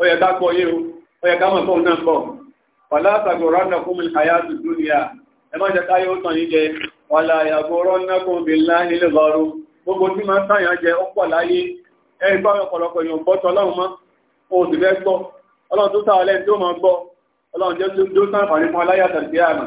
Speaker 1: ó yẹ ká gbọ́ yé o ó yẹ ká mọ̀ fóun náà bọ̀ wàlá àtàgòrò ọ̀nàkùn mi àyà dúdú ni à ẹ má jẹ́ káyé ó tàn yín jẹ wàlá àyàgòrò ọ̀nàkùn mi láyé lè lọ́rù gbogbo tí máa ń tàyàn jẹ ó pọ̀ láyé ẹ ń fáwọn ọ̀pọ̀lọpọ̀ èèyàn gbọ́ tọ́lọ́run mọ́ o sì fẹ́ gbọ́ ọlọ́run tó sáà lẹ́yìn tó máa gbọ́ ọlọ́run jẹ́ tó sáǹfààní fún aláyàtàgbé àmà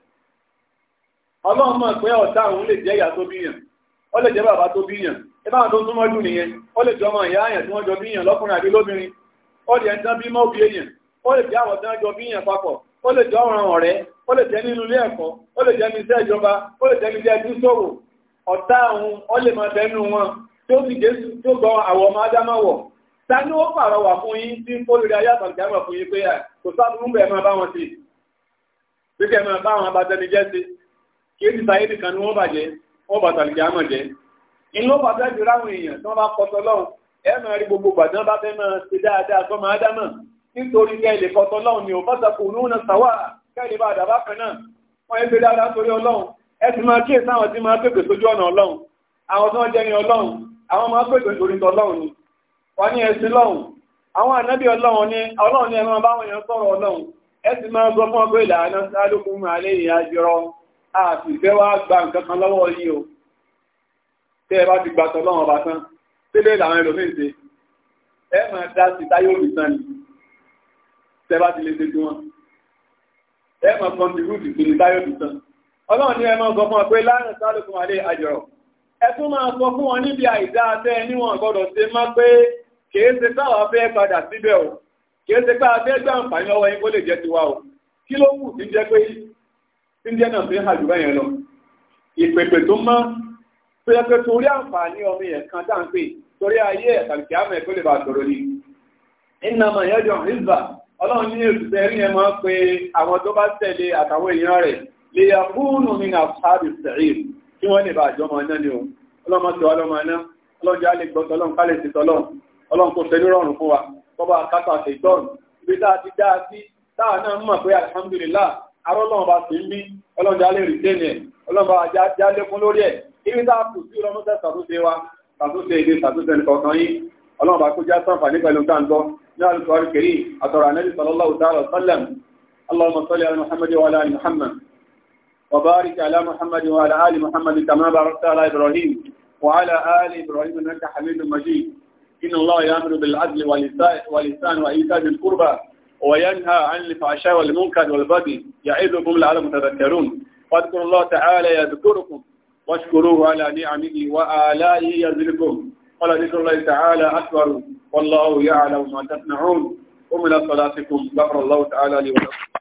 Speaker 1: ọlọ́run mọ̀ pé ọ̀tá òun lè jẹ́ ìyá tó bíyàn ó lè jẹ́ bàbá tó bíyàn ẹbáwọn tó súnmọ́ jù nìyẹn ó lè jọ ọmọ ìyá àyàn tí wọ́n jọ bíyàn lọ́kùnrin àbí lóbìnrin ó lè tán bí mọ́ òbí èèyàn ó lè jẹ́ àwọn tí wọ́n jọ bíyàn papọ̀ ó lè jọ ọ̀ràn ọ̀rẹ́ ó lè jẹ́ nínú ilé ẹ̀kọ́ ó lè jẹ́ ní iṣẹ́ ìjọba ó lè jẹ́ ní iṣẹ́ ìṣòwò ọ̀tá òun ó lè máa bẹnu wọn tó sì jésù tó gbọ àwọ̀ ọmọ ádámáwọ̀ ta ni ó pàrọwà fún yín tí ó lè ayé àtàlùjáwà kéèsì tàyé nìkan ni wọ́n bàjẹ́ wọ́n bàtàlì kí á mọ̀ jẹ́ inú ó bàtà ti ráwọn èèyàn tí wọ́n bá kọ́tọ́ lọ́hùn ẹ máa rí gbogbo gbàdá bá fẹ́ máa ṣe dáadáa sọ́mọ ádámà nítorí kẹ́ ilé kọ́tọ́ lọ́hùn ni ò bá sàkó ní òun sàwà kẹ́ ilé bá àdàbà kan náà wọ́n yẹ pé dáadáa sórí ọlọ́hùn ẹ ti máa kíyèsí àwọn tí máa pèpè sójú ọ̀nà ọlọ́hùn àwọn tí wọ́n jẹ́ ní ọlọ́hùn àwọn máa pèpè sórí ọlọ́hùn ni wọ́n ní ẹ̀sìn lọ́hùn àwọn ànábì ọlọ́hùn ni ọlọ́hùn ni ẹ máa bá yẹn sọ̀rọ̀ ọlọ́hùn ẹ ti máa sọ fún ọgbẹ́ ìlànà sálókùn àlẹ́ ìyá jọrọ àti ìfẹ́ wá gba nǹkan kan lọ́wọ́ yí o tẹ́ ẹ bá ti gbàtọ̀ lọ́wọ́ bá tán tẹ́lẹ̀ làwọn ẹlòmíín ṣe ẹ máa dá sí táyé òmìtán ni tẹ́ bá ti lè ṣe tiwọn ẹ máa kọ́ntìrúùtì sí ní táyé òmìtán ọlọ́run ni ẹ máa sọ fún ọ pé láàrín sálùkùn àlẹ́ àjọrọ̀ ẹ tún máa sọ fún wọn níbi àìdá abẹ́ níwọ̀n gbọ́dọ̀ ṣe má pé kìí ṣe táwọn afẹ́ padà síbẹ̀ o kìí ṣe pé abẹ́ gbà ń fàyàn ọwọ́ yín kó lè jẹ́ tiwa o kí ló wù sí jẹ́ pé India náà fi ń hàjù báyẹn lọ. Ìpèpè tó mọ́ tó yẹ pé torí àǹfààní ọmọ yẹn kan tá à ń pè torí ayé ẹ̀ tàbí kí á mọ̀ ẹ̀kọ́ lè bá sọ̀rọ̀ ni. Iná mọ̀ yẹn jọ Hizba ọlọ́run ní èsùsẹ́ rí yẹn máa ń pe àwọn tó bá tẹ̀lé àtàwọn èèyàn rẹ̀ lè yà fúnnù mi nà sẹ̀rí kí wọ́n lè bá àjọ ọmọ náà ni o. ọlọ́run ti dá a náà mọ̀ arọ́lọ́run bá sì ń bí ọlọ́run já lè rìtẹ́nì ẹ̀ ọlọ́run bá já lékún lórí ẹ̀ ibi tá a kù sí ọlọ́mọṣẹ́ ṣàtúnṣe wa ṣàtúnṣe èdè ṣàtúnṣe nìkọ̀ọ̀kan yìí ọlọ́run bá kó já sànfàní pẹ̀lú táǹgọ́ ní alùpùpù àtọ̀rọ̀ على محمد وعلى محمد وبارك على محمد وعلى ال محمد كما باركت على ابراهيم وعلى ال ابراهيم انك حميد مجيد ان الله يامر بالعدل والإحسان وايتاء ذي القربى وينهى عن الفحشاء والمنكر والبغي يعظكم لعلكم تذكرون واذكروا الله تعالى يذكركم واشكروه على نعمه وآلائه يذلكم قال ذكر الله تعالى أكبر والله يعلم ما تصنعون ومن صلاتكم غفر الله تعالى لي ولكم